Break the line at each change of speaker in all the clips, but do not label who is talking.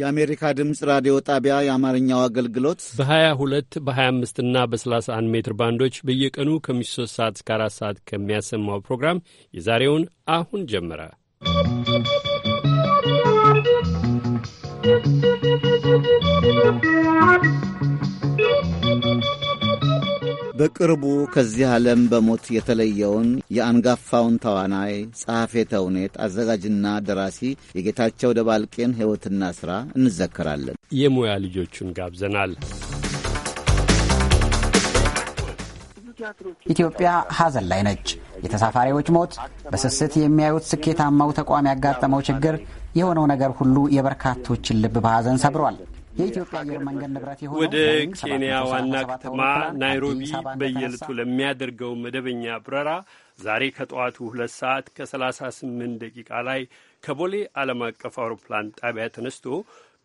የአሜሪካ ድምፅ ራዲዮ ጣቢያ የአማርኛው አገልግሎት
በ22 በ25 እና በ31 ሜትር ባንዶች በየቀኑ ከ 3 ሰዓት እስከ 4 ሰዓት ከሚያሰማው ፕሮግራም የዛሬውን አሁን ጀመረ።
¶¶
በቅርቡ ከዚህ ዓለም በሞት የተለየውን የአንጋፋውን ተዋናይ ጸሐፌ ተውኔት አዘጋጅና ደራሲ የጌታቸው ደባልቄን ሕይወትና ሥራ
እንዘከራለን። የሙያ ልጆቹን ጋብዘናል።
ኢትዮጵያ ሐዘን ላይ ነች። የተሳፋሪዎች ሞት፣ በስስት የሚያዩት ስኬታማው ተቋም ያጋጠመው ችግር፣ የሆነው ነገር ሁሉ የበርካቶችን ልብ በሐዘን ሰብሯል።
የኢትዮጵያ አየር መንገድ ንብረት ወደ ኬንያ ዋና ከተማ ናይሮቢ በየዕለቱ ለሚያደርገው መደበኛ ብረራ ዛሬ ከጠዋቱ ሁለት ሰዓት ከ38 ደቂቃ ላይ ከቦሌ ዓለም አቀፍ አውሮፕላን ጣቢያ ተነስቶ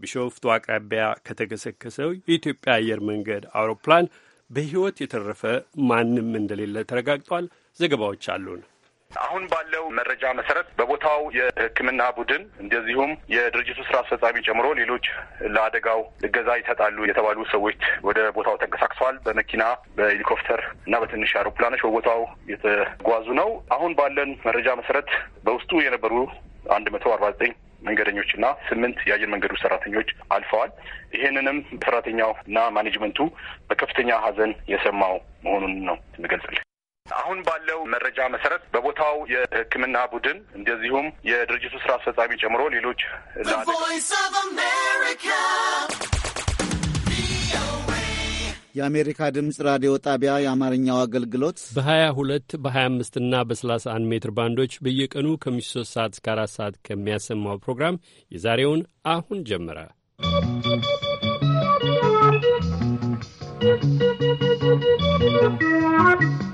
ቢሾፍቱ አቅራቢያ ከተከሰከሰው የኢትዮጵያ አየር መንገድ አውሮፕላን በሕይወት የተረፈ ማንም እንደሌለ ተረጋግጧል። ዘገባዎች አሉን። አሁን ባለው መረጃ
መሰረት በቦታው የሕክምና ቡድን እንደዚሁም የድርጅቱ ስራ አስፈጻሚ ጨምሮ ሌሎች ለአደጋው እገዛ ይሰጣሉ የተባሉ ሰዎች ወደ ቦታው ተንቀሳቅሰዋል። በመኪና በሄሊኮፕተር እና በትንሽ አውሮፕላኖች በቦታው የተጓዙ ነው። አሁን ባለን መረጃ መሰረት በውስጡ የነበሩ አንድ መቶ አርባ ዘጠኝ መንገደኞች እና ስምንት የአየር መንገዱ ሰራተኞች አልፈዋል። ይህንንም ሰራተኛው እና ማኔጅመንቱ በከፍተኛ ሀዘን የሰማው መሆኑን ነው የምገልጽልህ። አሁን ባለው መረጃ መሰረት በቦታው የሕክምና ቡድን እንደዚሁም የድርጅቱ ስራ አስፈጻሚ ጨምሮ ሌሎች
የአሜሪካ ድምፅ ራዲዮ ጣቢያ
የአማርኛው አገልግሎት በ22 በ25 እና በ31 ሜትር ባንዶች በየቀኑ ከምሽቱ 3 ሰዓት እስከ 4 ሰዓት ከሚያሰማው ፕሮግራም የዛሬውን አሁን ጀመረ።
¶¶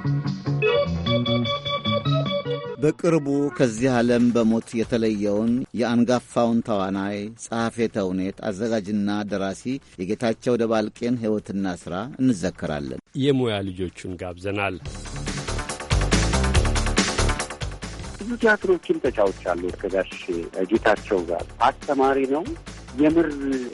በቅርቡ ከዚህ ዓለም በሞት የተለየውን የአንጋፋውን ተዋናይ ጸሐፌ ተውኔት አዘጋጅና ደራሲ የጌታቸው ደባልቄን ሕይወትና ሥራ እንዘከራለን።
የሙያ ልጆቹን ጋብዘናል። ብዙ
ቲያትሮችን ተጫውቻለሁ ከጋሽ ጌታቸው ጋር
አስተማሪ ነው የምር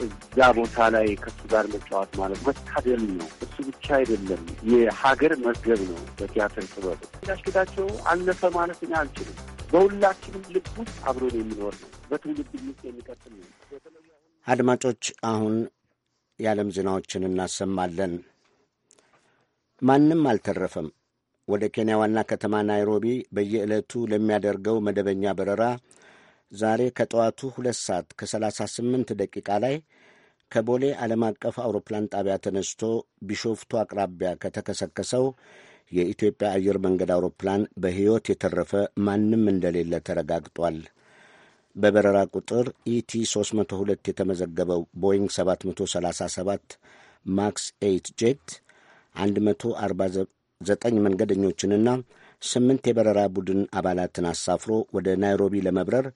እዛ ቦታ ላይ ከሱ ጋር መጫወት ማለት መታደል ነው። እሱ ብቻ አይደለም፣ የሀገር መዝገብ ነው። በቲያትር ጥበብ እንዳሽጌታቸው አለፈ ማለት እኔ አልችልም። በሁላችንም ልብ ውስጥ አብሮ የሚኖር ነው። በትውልድ ውስጥ የሚቀጥል ነው።
አድማጮች፣ አሁን የዓለም ዜናዎችን እናሰማለን። ማንም አልተረፈም። ወደ ኬንያ ዋና ከተማ ናይሮቢ በየዕለቱ ለሚያደርገው መደበኛ በረራ ዛሬ ከጠዋቱ 2 ሰዓት ከ ስምንት ደቂቃ ላይ ከቦሌ ዓለም አቀፍ አውሮፕላን ጣቢያ ተነስቶ ቢሾፍቱ አቅራቢያ ከተከሰከሰው የኢትዮጵያ አየር መንገድ አውሮፕላን በሕይወት የተረፈ ማንም እንደሌለ ተረጋግጧል። በበረራ ቁጥር ኢቲ 302 የተመዘገበው ቦይንግ 737 ማክስ 8 ጄት 149 መንገደኞችንና ስምንት የበረራ ቡድን አባላትን አሳፍሮ ወደ ናይሮቢ ለመብረር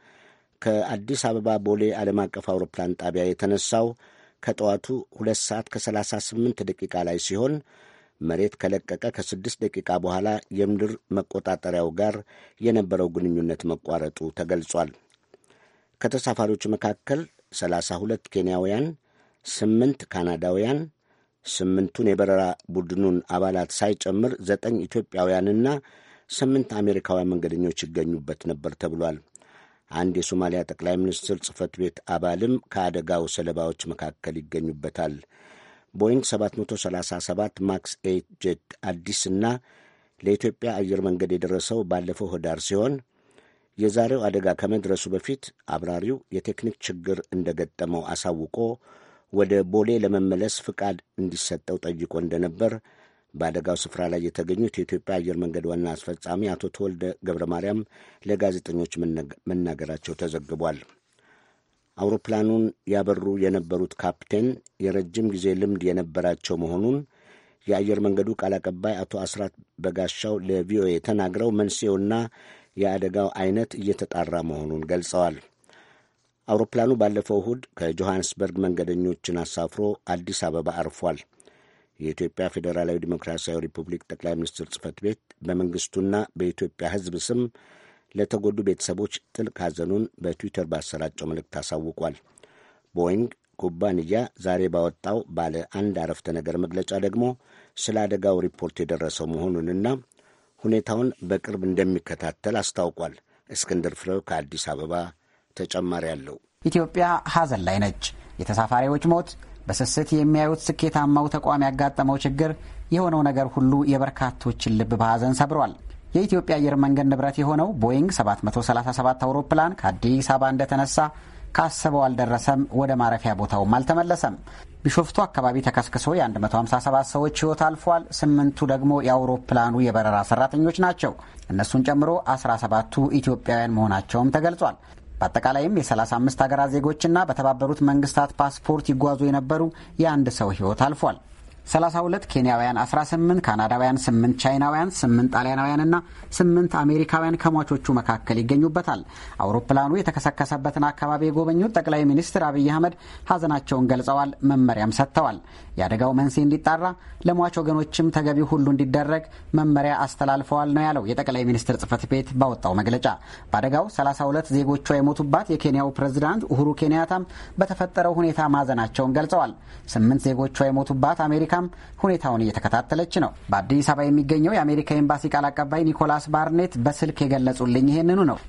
ከአዲስ አበባ ቦሌ ዓለም አቀፍ አውሮፕላን ጣቢያ የተነሳው ከጠዋቱ 2 ሰዓት ከ38 ደቂቃ ላይ ሲሆን መሬት ከለቀቀ ከ ከ6 ደቂቃ በኋላ የምድር መቆጣጠሪያው ጋር የነበረው ግንኙነት መቋረጡ ተገልጿል። ከተሳፋሪዎች መካከል 32 ኬንያውያን፣ 8 ካናዳውያን፣ ስምንቱን የበረራ ቡድኑን አባላት ሳይጨምር ዘጠኝ ኢትዮጵያውያንና ስምንት አሜሪካውያን መንገደኞች ይገኙበት ነበር ተብሏል። አንድ የሶማሊያ ጠቅላይ ሚኒስትር ጽህፈት ቤት አባልም ከአደጋው ሰለባዎች መካከል ይገኙበታል። ቦይንግ 737 ማክስ ኤይት ጄት አዲስ እና ለኢትዮጵያ አየር መንገድ የደረሰው ባለፈው ህዳር ሲሆን የዛሬው አደጋ ከመድረሱ በፊት አብራሪው የቴክኒክ ችግር እንደገጠመው አሳውቆ ወደ ቦሌ ለመመለስ ፍቃድ እንዲሰጠው ጠይቆ እንደነበር በአደጋው ስፍራ ላይ የተገኙት የኢትዮጵያ አየር መንገድ ዋና አስፈጻሚ አቶ ተወልደ ገብረ ማርያም ለጋዜጠኞች መናገራቸው ተዘግቧል። አውሮፕላኑን ያበሩ የነበሩት ካፕቴን የረጅም ጊዜ ልምድ የነበራቸው መሆኑን የአየር መንገዱ ቃል አቀባይ አቶ አስራት በጋሻው ለቪኦኤ ተናግረው መንስኤውና የአደጋው አይነት እየተጣራ መሆኑን ገልጸዋል። አውሮፕላኑ ባለፈው እሁድ ከጆሐንስበርግ መንገደኞችን አሳፍሮ አዲስ አበባ አርፏል። የኢትዮጵያ ፌዴራላዊ ዲሞክራሲያዊ ሪፑብሊክ ጠቅላይ ሚኒስትር ጽህፈት ቤት በመንግስቱና በኢትዮጵያ ሕዝብ ስም ለተጎዱ ቤተሰቦች ጥልቅ ሐዘኑን በትዊተር ባሰራጨው መልእክት አሳውቋል። ቦይንግ ኩባንያ ዛሬ ባወጣው ባለ አንድ አረፍተ ነገር መግለጫ ደግሞ ስለ አደጋው ሪፖርት የደረሰው መሆኑንና ሁኔታውን በቅርብ እንደሚከታተል አስታውቋል። እስክንድር ፍሬው ከአዲስ አበባ ተጨማሪ አለው።
ኢትዮጵያ ሐዘን ላይ ነች። የተሳፋሪዎች ሞት በስስት የሚያዩት ስኬታማው ተቋም ያጋጠመው ችግር የሆነው ነገር ሁሉ የበርካቶችን ልብ በሐዘን ሰብሯል። የኢትዮጵያ አየር መንገድ ንብረት የሆነው ቦይንግ 737 አውሮፕላን ከአዲስ አበባ እንደተነሳ ካሰበው አልደረሰም፣ ወደ ማረፊያ ቦታውም አልተመለሰም። ቢሾፍቱ አካባቢ ተከስክሶ የ157 ሰዎች ሕይወት አልፏል። ስምንቱ ደግሞ የአውሮፕላኑ የበረራ ሰራተኞች ናቸው። እነሱን ጨምሮ 17ቱ ኢትዮጵያውያን መሆናቸውም ተገልጿል። በአጠቃላይም የ35 ሀገራት ዜጎችና በተባበሩት መንግስታት ፓስፖርት ይጓዙ የነበሩ የአንድ ሰው ህይወት አልፏል። 32 ኬንያውያን፣ 18 ካናዳውያን፣ 8 ቻይናውያን፣ 8 ጣሊያናውያንና 8 አሜሪካውያን ከሟቾቹ መካከል ይገኙበታል። አውሮፕላኑ የተከሰከሰበትን አካባቢ የጎበኙት ጠቅላይ ሚኒስትር አብይ አህመድ ሀዘናቸውን ገልጸዋል፣ መመሪያም ሰጥተዋል። የአደጋው መንስኤ እንዲጣራ ለሟች ወገኖችም ተገቢው ሁሉ እንዲደረግ መመሪያ አስተላልፈዋል ነው ያለው የጠቅላይ ሚኒስትር ጽህፈት ቤት ባወጣው መግለጫ። በአደጋው 32 ዜጎቿ የሞቱባት የኬንያው ፕሬዝዳንት ኡሁሩ ኬንያታም በተፈጠረው ሁኔታ ማዘናቸውን ገልጸዋል። 8 ዜጎቿ የሞቱባት አሜሪካ አሜሪካም ሁኔታውን እየተከታተለች ነው። በአዲስ አበባ የሚገኘው የአሜሪካ ኤምባሲ ቃል አቀባይ ኒኮላስ ባርኔት በስልክ የገለጹልኝ ይሄንኑ ነው።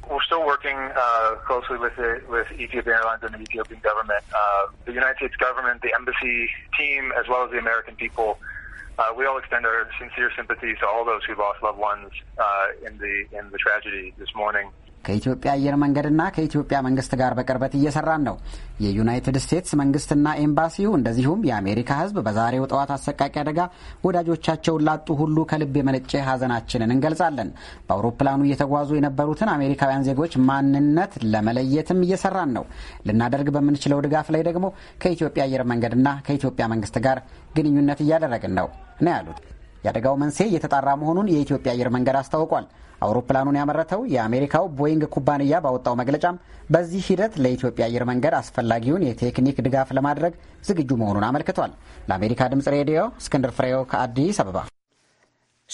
Uh, we all extend our sincere sympathies to all those who lost loved ones uh, in the in the tragedy this morning.
ከኢትዮጵያ አየር መንገድና ከኢትዮጵያ መንግስት ጋር በቅርበት እየሰራን ነው። የዩናይትድ ስቴትስ መንግስትና ኤምባሲው እንደዚሁም የአሜሪካ ሕዝብ በዛሬው ጠዋት አሰቃቂ አደጋ ወዳጆቻቸውን ላጡ ሁሉ ከልብ የመነጨ ሐዘናችንን እንገልጻለን። በአውሮፕላኑ እየተጓዙ የነበሩትን አሜሪካውያን ዜጎች ማንነት ለመለየትም እየሰራን ነው። ልናደርግ በምንችለው ድጋፍ ላይ ደግሞ ከኢትዮጵያ አየር መንገድና ከኢትዮጵያ መንግስት ጋር ግንኙነት እያደረግን ነው ነው ያሉት። የአደጋው መንስኤ እየተጣራ መሆኑን የኢትዮጵያ አየር መንገድ አስታውቋል። አውሮፕላኑን ያመረተው የአሜሪካው ቦይንግ ኩባንያ ባወጣው መግለጫም በዚህ ሂደት ለኢትዮጵያ አየር መንገድ አስፈላጊውን የቴክኒክ ድጋፍ ለማድረግ ዝግጁ መሆኑን አመልክቷል። ለአሜሪካ ድምጽ ሬዲዮ እስክንድር ፍሬው ከአዲስ አበባ።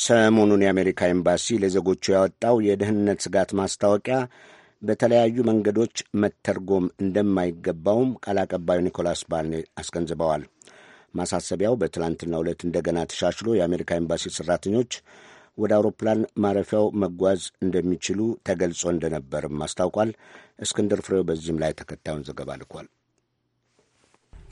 ሰሞኑን የአሜሪካ ኤምባሲ ለዜጎቹ ያወጣው የደህንነት ስጋት ማስታወቂያ በተለያዩ መንገዶች መተርጎም እንደማይገባውም ቃል አቀባዩ ኒኮላስ ባልኔ አስገንዝበዋል። ማሳሰቢያው በትላንትናው ዕለት እንደገና ተሻሽሎ የአሜሪካ ኤምባሲ ሠራተኞች ወደ አውሮፕላን ማረፊያው መጓዝ እንደሚችሉ ተገልጾ እንደነበርም አስታውቋል። እስክንድር ፍሬው በዚህም ላይ ተከታዩን ዘገባ ልኳል።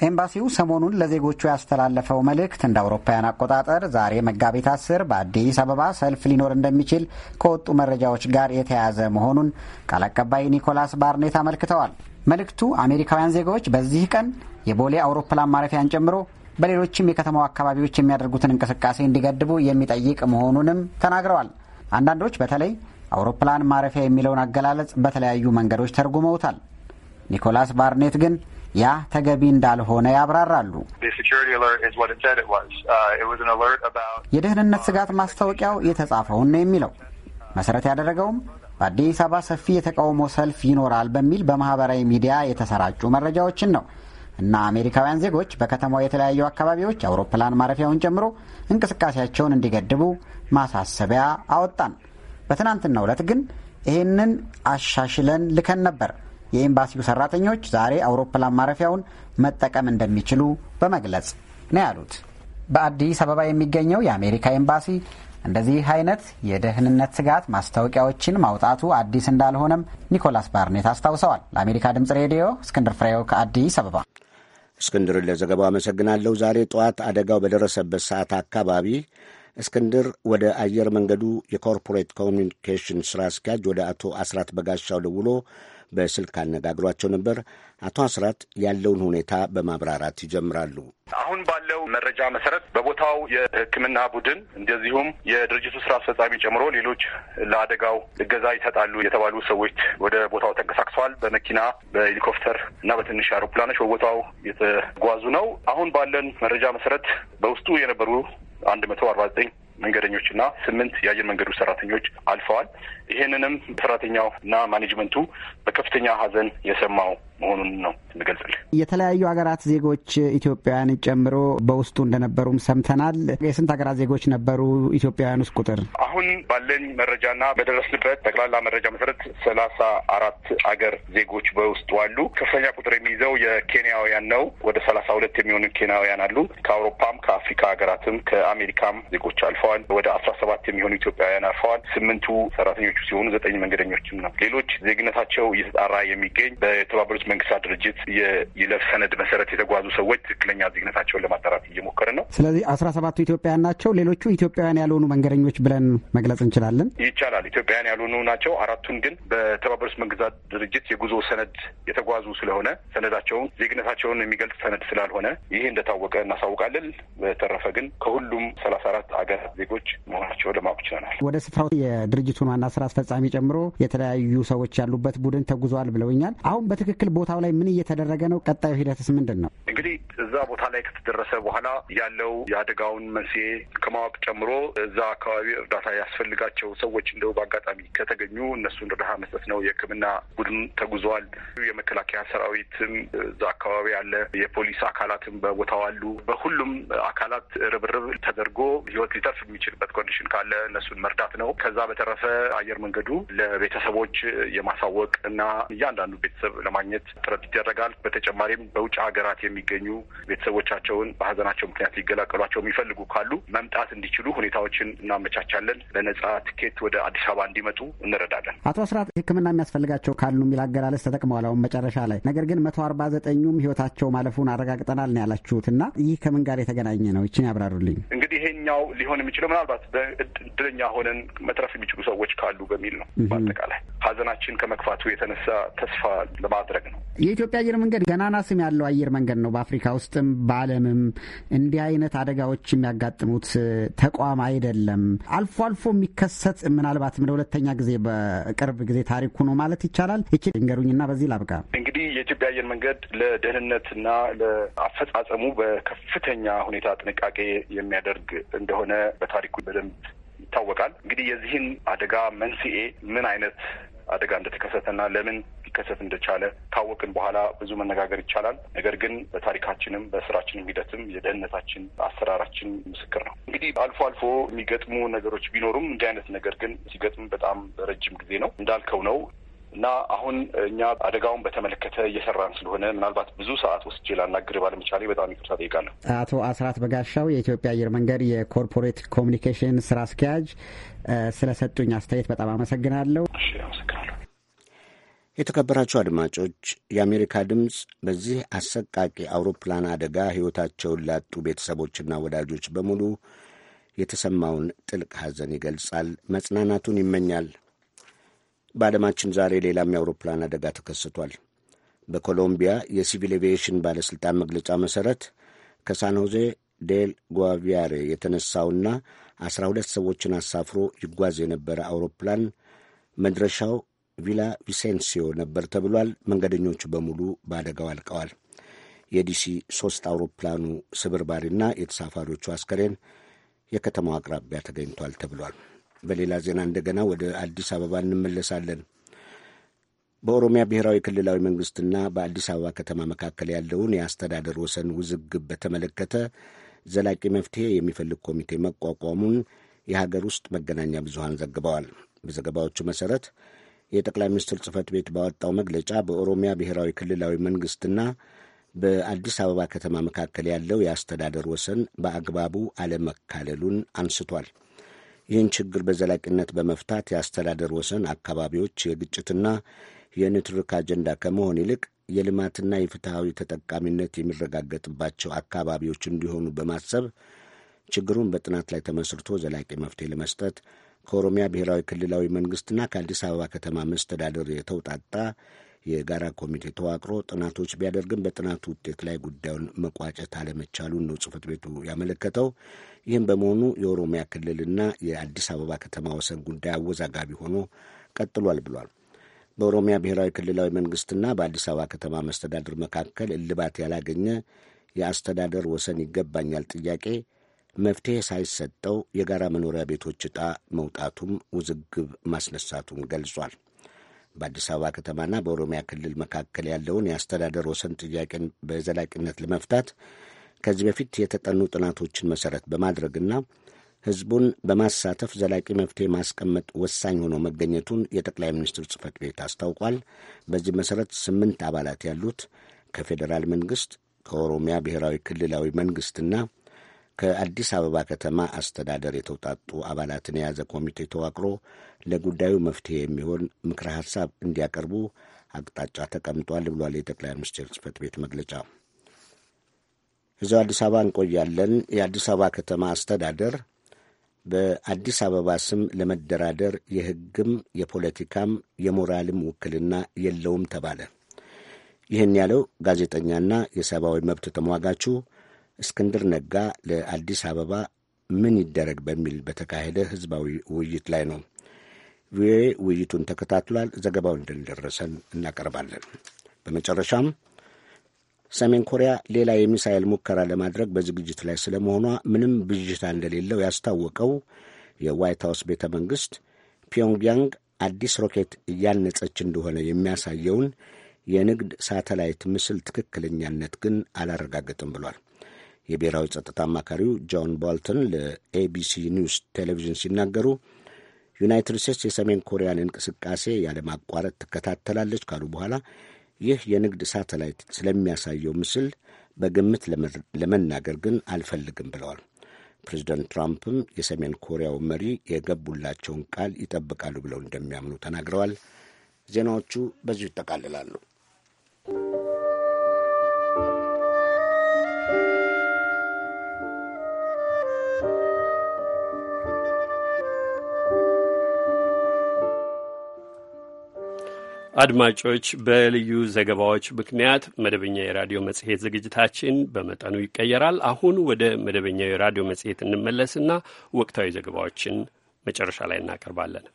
ኤምባሲው ሰሞኑን ለዜጎቹ ያስተላለፈው መልእክት እንደ አውሮፓውያን አቆጣጠር ዛሬ መጋቢት አስር በአዲስ አበባ ሰልፍ ሊኖር እንደሚችል ከወጡ መረጃዎች ጋር የተያያዘ መሆኑን ቃል አቀባይ ኒኮላስ ባርኔት አመልክተዋል። መልእክቱ አሜሪካውያን ዜጎች በዚህ ቀን የቦሌ አውሮፕላን ማረፊያን ጨምሮ በሌሎችም የከተማው አካባቢዎች የሚያደርጉትን እንቅስቃሴ እንዲገድቡ የሚጠይቅ መሆኑንም ተናግረዋል። አንዳንዶች በተለይ አውሮፕላን ማረፊያ የሚለውን አገላለጽ በተለያዩ መንገዶች ተርጉመውታል። ኒኮላስ ባርኔት ግን ያ ተገቢ እንዳልሆነ ያብራራሉ።
uh,
የደህንነት ስጋት ማስታወቂያው የተጻፈውን ነው የሚለው መሰረት ያደረገውም በአዲስ አበባ ሰፊ የተቃውሞ ሰልፍ ይኖራል በሚል በማህበራዊ ሚዲያ የተሰራጩ መረጃዎችን ነው። እና አሜሪካውያን ዜጎች በከተማው የተለያዩ አካባቢዎች አውሮፕላን ማረፊያውን ጨምሮ እንቅስቃሴያቸውን እንዲገድቡ ማሳሰቢያ አወጣን። በትናንትናው ዕለት ግን ይህንን አሻሽለን ልከን ነበር። የኤምባሲው ሰራተኞች ዛሬ አውሮፕላን ማረፊያውን መጠቀም እንደሚችሉ በመግለጽ ነው ያሉት። በአዲስ አበባ የሚገኘው የአሜሪካ ኤምባሲ እንደዚህ አይነት የደህንነት ስጋት ማስታወቂያዎችን ማውጣቱ አዲስ እንዳልሆነም ኒኮላስ ባርኔት አስታውሰዋል። ለአሜሪካ ድምጽ ሬዲዮ እስክንድር ፍሬው ከአዲስ አበባ
እስክንድርን ለዘገባው አመሰግናለሁ። ዛሬ ጠዋት አደጋው በደረሰበት ሰዓት አካባቢ እስክንድር ወደ አየር መንገዱ የኮርፖሬት ኮሚኒኬሽን ሥራ አስኪያጅ ወደ አቶ አስራት በጋሻው ደውሎ በስልክ አነጋግሯቸው ነበር። አቶ አስራት ያለውን ሁኔታ በማብራራት ይጀምራሉ።
አሁን ባለው መረጃ መሰረት በቦታው የሕክምና ቡድን እንደዚሁም የድርጅቱ ስራ አስፈጻሚ ጨምሮ ሌሎች ለአደጋው እገዛ ይሰጣሉ የተባሉ ሰዎች ወደ ቦታው ተንቀሳቅሰዋል። በመኪና በሄሊኮፕተር እና በትንሽ አውሮፕላኖች በቦታው የተጓዙ ነው። አሁን ባለን መረጃ መሰረት በውስጡ የነበሩ አንድ መቶ አርባ ዘጠኝ መንገደኞችና ስምንት የአየር መንገዱ ሰራተኞች አልፈዋል። ይህንንም ሰራተኛው እና ማኔጅመንቱ በከፍተኛ ሀዘን የሰማው መሆኑን ነው የምገልጽልህ።
የተለያዩ ሀገራት ዜጎች ኢትዮጵያውያን ጨምሮ በውስጡ እንደነበሩም ሰምተናል። የስንት ሀገራት ዜጎች ነበሩ ኢትዮጵያውያን ውስጥ ቁጥር?
አሁን ባለን መረጃና በደረስንበት ጠቅላላ መረጃ መሰረት ሰላሳ አራት አገር ዜጎች በውስጡ አሉ። ከፍተኛ ቁጥር የሚይዘው የኬንያውያን ነው። ወደ ሰላሳ ሁለት የሚሆኑ ኬንያውያን አሉ። ከአውሮፓም ከአፍሪካ ሀገራትም ከአሜሪካም ዜጎች አልፈዋል። ወደ አስራ ሰባት የሚሆኑ ኢትዮጵያውያን አልፈዋል። ስምንቱ ሰራተኞች ተጠቂዎቹ ሲሆኑ ዘጠኝ መንገደኞችም ነው። ሌሎች ዜግነታቸው እየተጣራ የሚገኝ በተባበሩት መንግስታት ድርጅት የይለፍ ሰነድ መሰረት የተጓዙ ሰዎች ትክክለኛ ዜግነታቸውን ለማጣራት እየሞከረ ነው።
ስለዚህ አስራ ሰባቱ ኢትዮጵያውያን ናቸው። ሌሎቹ ኢትዮጵያውያን ያልሆኑ መንገደኞች ብለን መግለጽ እንችላለን።
ይቻላል። ኢትዮጵያውያን ያልሆኑ ናቸው። አራቱን ግን በተባበሩት መንግስታት ድርጅት የጉዞ ሰነድ የተጓዙ ስለሆነ ሰነዳቸውን ዜግነታቸውን የሚገልጽ ሰነድ ስላልሆነ ይህ እንደታወቀ እናሳውቃለን። በተረፈ ግን ከሁሉም ሰላሳ አራት አገራት ዜጎች
መሆናቸውን ለማወቅ ችለናል። ወደ ስፍራው የድርጅቱን ዋና ስራ አስፈጻሚ ጨምሮ የተለያዩ ሰዎች ያሉበት ቡድን ተጉዟል ብለውኛል። አሁን በትክክል ቦታው ላይ ምን እየተደረገ ነው? ቀጣዩ ሂደትስ ምንድን ነው?
እንግዲህ
እዛ ቦታ ላይ ከተደረሰ በኋላ ያለው የአደጋውን መንስኤ ከማወቅ ጨምሮ እዛ አካባቢ እርዳታ ያስፈልጋቸው ሰዎች እንደው በአጋጣሚ ከተገኙ እነሱን እርዳታ መስጠት ነው። የሕክምና ቡድን ተጉዟል። የመከላከያ ሰራዊትም እዛ አካባቢ ያለ የፖሊስ አካላትም በቦታው አሉ። በሁሉም አካላት ርብርብ ተደርጎ ህይወት ሊተርፍ የሚችልበት ኮንዲሽን ካለ እነሱን መርዳት ነው። ከዛ በተረፈ አየር በአየር መንገዱ ለቤተሰቦች የማሳወቅ እና እያንዳንዱ ቤተሰብ ለማግኘት ጥረት ይደረጋል። በተጨማሪም በውጭ ሀገራት የሚገኙ ቤተሰቦቻቸውን በሀዘናቸው ምክንያት ሊገላቀሏቸው የሚፈልጉ ካሉ መምጣት እንዲችሉ ሁኔታዎችን እናመቻቻለን። በነጻ ትኬት ወደ አዲስ አበባ እንዲመጡ እንረዳለን።
አቶ አስራት ሕክምና የሚያስፈልጋቸው ካሉ የሚል አገላለጽ ተጠቅመዋል አሁን መጨረሻ ላይ ነገር ግን መቶ አርባ ዘጠኙም ህይወታቸው ማለፉን አረጋግጠናል ነው ያላችሁት እና ይህ ከምን ጋር የተገናኘ ነው? ይችን ያብራሩልኝ።
እንግዲህ ዋናው ሊሆን የሚችለው ምናልባት በእድለኛ ሆነን መትረፍ የሚችሉ ሰዎች ካሉ በሚል ነው። በአጠቃላይ ሀዘናችን ከመክፋቱ የተነሳ ተስፋ ለማድረግ
ነው። የኢትዮጵያ አየር መንገድ ገናና ስም ያለው አየር መንገድ ነው። በአፍሪካ ውስጥም በዓለምም እንዲህ አይነት አደጋዎች የሚያጋጥሙት ተቋም አይደለም። አልፎ አልፎ የሚከሰት ምናልባትም ለሁለተኛ ጊዜ በቅርብ ጊዜ ታሪኩ ነው ማለት ይቻላል። ይች ንገሩኝና በዚህ ላብቃ።
እንግዲህ የኢትዮጵያ አየር መንገድ ለደህንነትና ለአፈጻጸሙ በከፍተኛ ሁኔታ ጥንቃቄ የሚያደርግ እንደሆነ በታሪኩ በደንብ ይታወቃል። እንግዲህ የዚህን አደጋ መንስኤ ምን አይነት አደጋ እንደተከሰተና ለምን ሊከሰት እንደቻለ ካወቅን በኋላ ብዙ መነጋገር ይቻላል። ነገር ግን በታሪካችንም በስራችንም ሂደትም የደህንነታችን አሰራራችን ምስክር ነው። እንግዲህ አልፎ አልፎ የሚገጥሙ ነገሮች ቢኖሩም እንዲህ አይነት ነገር ግን ሲገጥም በጣም ረጅም ጊዜ ነው እንዳልከው ነው። እና አሁን እኛ አደጋውን በተመለከተ እየሰራን ስለሆነ ምናልባት ብዙ ሰዓት ወስጄ ላናግር ባለመቻሌ በጣም ይቅርታ ጠይቃለሁ።
አቶ አስራት በጋሻው የኢትዮጵያ አየር መንገድ የኮርፖሬት ኮሚኒኬሽን ስራ አስኪያጅ ስለሰጡኝ አስተያየት በጣም አመሰግናለሁ።
የተከበራቸው አድማጮች የአሜሪካ ድምፅ በዚህ አሰቃቂ አውሮፕላን አደጋ ሕይወታቸውን ላጡ ቤተሰቦችና ወዳጆች በሙሉ የተሰማውን ጥልቅ ሐዘን ይገልጻል፣ መጽናናቱን ይመኛል። በዓለማችን ዛሬ ሌላም የአውሮፕላን አደጋ ተከስቷል። በኮሎምቢያ የሲቪል ኤቪዬሽን ባለሥልጣን መግለጫ መሠረት ከሳን ሆዜ ዴል ጓቪያሬ የተነሳውና ሁለት ሰዎችን አሳፍሮ ይጓዝ የነበረ አውሮፕላን መድረሻው ቪላ ቪሴንሲዮ ነበር ተብሏል። መንገደኞቹ በሙሉ በአደጋው አልቀዋል። የዲሲ ሶስት አውሮፕላኑ ስብርባሪና የተሳፋሪዎቹ አስከሬን የከተማው አቅራቢያ ተገኝቷል ተብሏል። በሌላ ዜና እንደገና ወደ አዲስ አበባ እንመለሳለን። በኦሮሚያ ብሔራዊ ክልላዊ መንግስትና በአዲስ አበባ ከተማ መካከል ያለውን የአስተዳደር ወሰን ውዝግብ በተመለከተ ዘላቂ መፍትሄ የሚፈልግ ኮሚቴ መቋቋሙን የሀገር ውስጥ መገናኛ ብዙሃን ዘግበዋል። በዘገባዎቹ መሠረት የጠቅላይ ሚኒስትር ጽህፈት ቤት ባወጣው መግለጫ በኦሮሚያ ብሔራዊ ክልላዊ መንግስትና በአዲስ አበባ ከተማ መካከል ያለው የአስተዳደር ወሰን በአግባቡ አለመካለሉን አንስቷል። ይህን ችግር በዘላቂነት በመፍታት የአስተዳደር ወሰን አካባቢዎች የግጭትና የንትርክ አጀንዳ ከመሆን ይልቅ የልማትና የፍትሐዊ ተጠቃሚነት የሚረጋገጥባቸው አካባቢዎች እንዲሆኑ በማሰብ ችግሩን በጥናት ላይ ተመስርቶ ዘላቂ መፍትሄ ለመስጠት ከኦሮሚያ ብሔራዊ ክልላዊ መንግስትና ከአዲስ አበባ ከተማ መስተዳደር የተውጣጣ የጋራ ኮሚቴ ተዋቅሮ ጥናቶች ቢያደርግም በጥናቱ ውጤት ላይ ጉዳዩን መቋጨት አለመቻሉን ነው ጽሕፈት ቤቱ ያመለከተው። ይህም በመሆኑ የኦሮሚያ ክልልና የአዲስ አበባ ከተማ ወሰን ጉዳይ አወዛጋቢ ሆኖ ቀጥሏል ብሏል። በኦሮሚያ ብሔራዊ ክልላዊ መንግስትና በአዲስ አበባ ከተማ መስተዳድር መካከል እልባት ያላገኘ የአስተዳደር ወሰን ይገባኛል ጥያቄ መፍትሄ ሳይሰጠው የጋራ መኖሪያ ቤቶች ዕጣ መውጣቱም ውዝግብ ማስነሳቱን ገልጿል። በአዲስ አበባ ከተማና በኦሮሚያ ክልል መካከል ያለውን የአስተዳደር ወሰን ጥያቄን በዘላቂነት ለመፍታት ከዚህ በፊት የተጠኑ ጥናቶችን መሰረት በማድረግና ህዝቡን በማሳተፍ ዘላቂ መፍትሄ ማስቀመጥ ወሳኝ ሆኖ መገኘቱን የጠቅላይ ሚኒስትር ጽህፈት ቤት አስታውቋል። በዚህ መሰረት ስምንት አባላት ያሉት ከፌዴራል መንግስት ከኦሮሚያ ብሔራዊ ክልላዊ መንግሥትና ከአዲስ አበባ ከተማ አስተዳደር የተውጣጡ አባላትን የያዘ ኮሚቴ ተዋቅሮ ለጉዳዩ መፍትሄ የሚሆን ምክረ ሀሳብ እንዲያቀርቡ አቅጣጫ ተቀምጧል ብሏል የጠቅላይ ሚኒስትር ጽህፈት ቤት መግለጫ። እዚያው አዲስ አበባ እንቆያለን። የአዲስ አበባ ከተማ አስተዳደር በአዲስ አበባ ስም ለመደራደር የሕግም የፖለቲካም የሞራልም ውክልና የለውም ተባለ። ይህን ያለው ጋዜጠኛና የሰብአዊ መብት ተሟጋቹ እስክንድር ነጋ ለአዲስ አበባ ምን ይደረግ በሚል በተካሄደ ህዝባዊ ውይይት ላይ ነው። ቪኦኤ ውይይቱን ተከታትሏል። ዘገባው እንደደረሰን እናቀርባለን። በመጨረሻም ሰሜን ኮሪያ ሌላ የሚሳኤል ሙከራ ለማድረግ በዝግጅት ላይ ስለመሆኗ ምንም ብዥታ እንደሌለው ያስታወቀው የዋይት ሀውስ ቤተ መንግሥት ፒዮንግያንግ አዲስ ሮኬት እያነጸች እንደሆነ የሚያሳየውን የንግድ ሳተላይት ምስል ትክክለኛነት ግን አላረጋገጥም ብሏል። የብሔራዊ ጸጥታ አማካሪው ጆን ቦልተን ለኤቢሲ ኒውስ ቴሌቪዥን ሲናገሩ ዩናይትድ ስቴትስ የሰሜን ኮሪያን እንቅስቃሴ ያለማቋረጥ ትከታተላለች ካሉ በኋላ ይህ የንግድ ሳተላይት ስለሚያሳየው ምስል በግምት ለመናገር ግን አልፈልግም ብለዋል። ፕሬዚደንት ትራምፕም የሰሜን ኮሪያው መሪ የገቡላቸውን ቃል ይጠብቃሉ ብለው እንደሚያምኑ ተናግረዋል። ዜናዎቹ በዚሁ ይጠቃልላሉ።
አድማጮች በልዩ ዘገባዎች ምክንያት መደበኛ የራዲዮ መጽሔት ዝግጅታችን በመጠኑ ይቀየራል። አሁን ወደ መደበኛው የራዲዮ መጽሔት እንመለስና ወቅታዊ ዘገባዎችን መጨረሻ ላይ እናቀርባለን።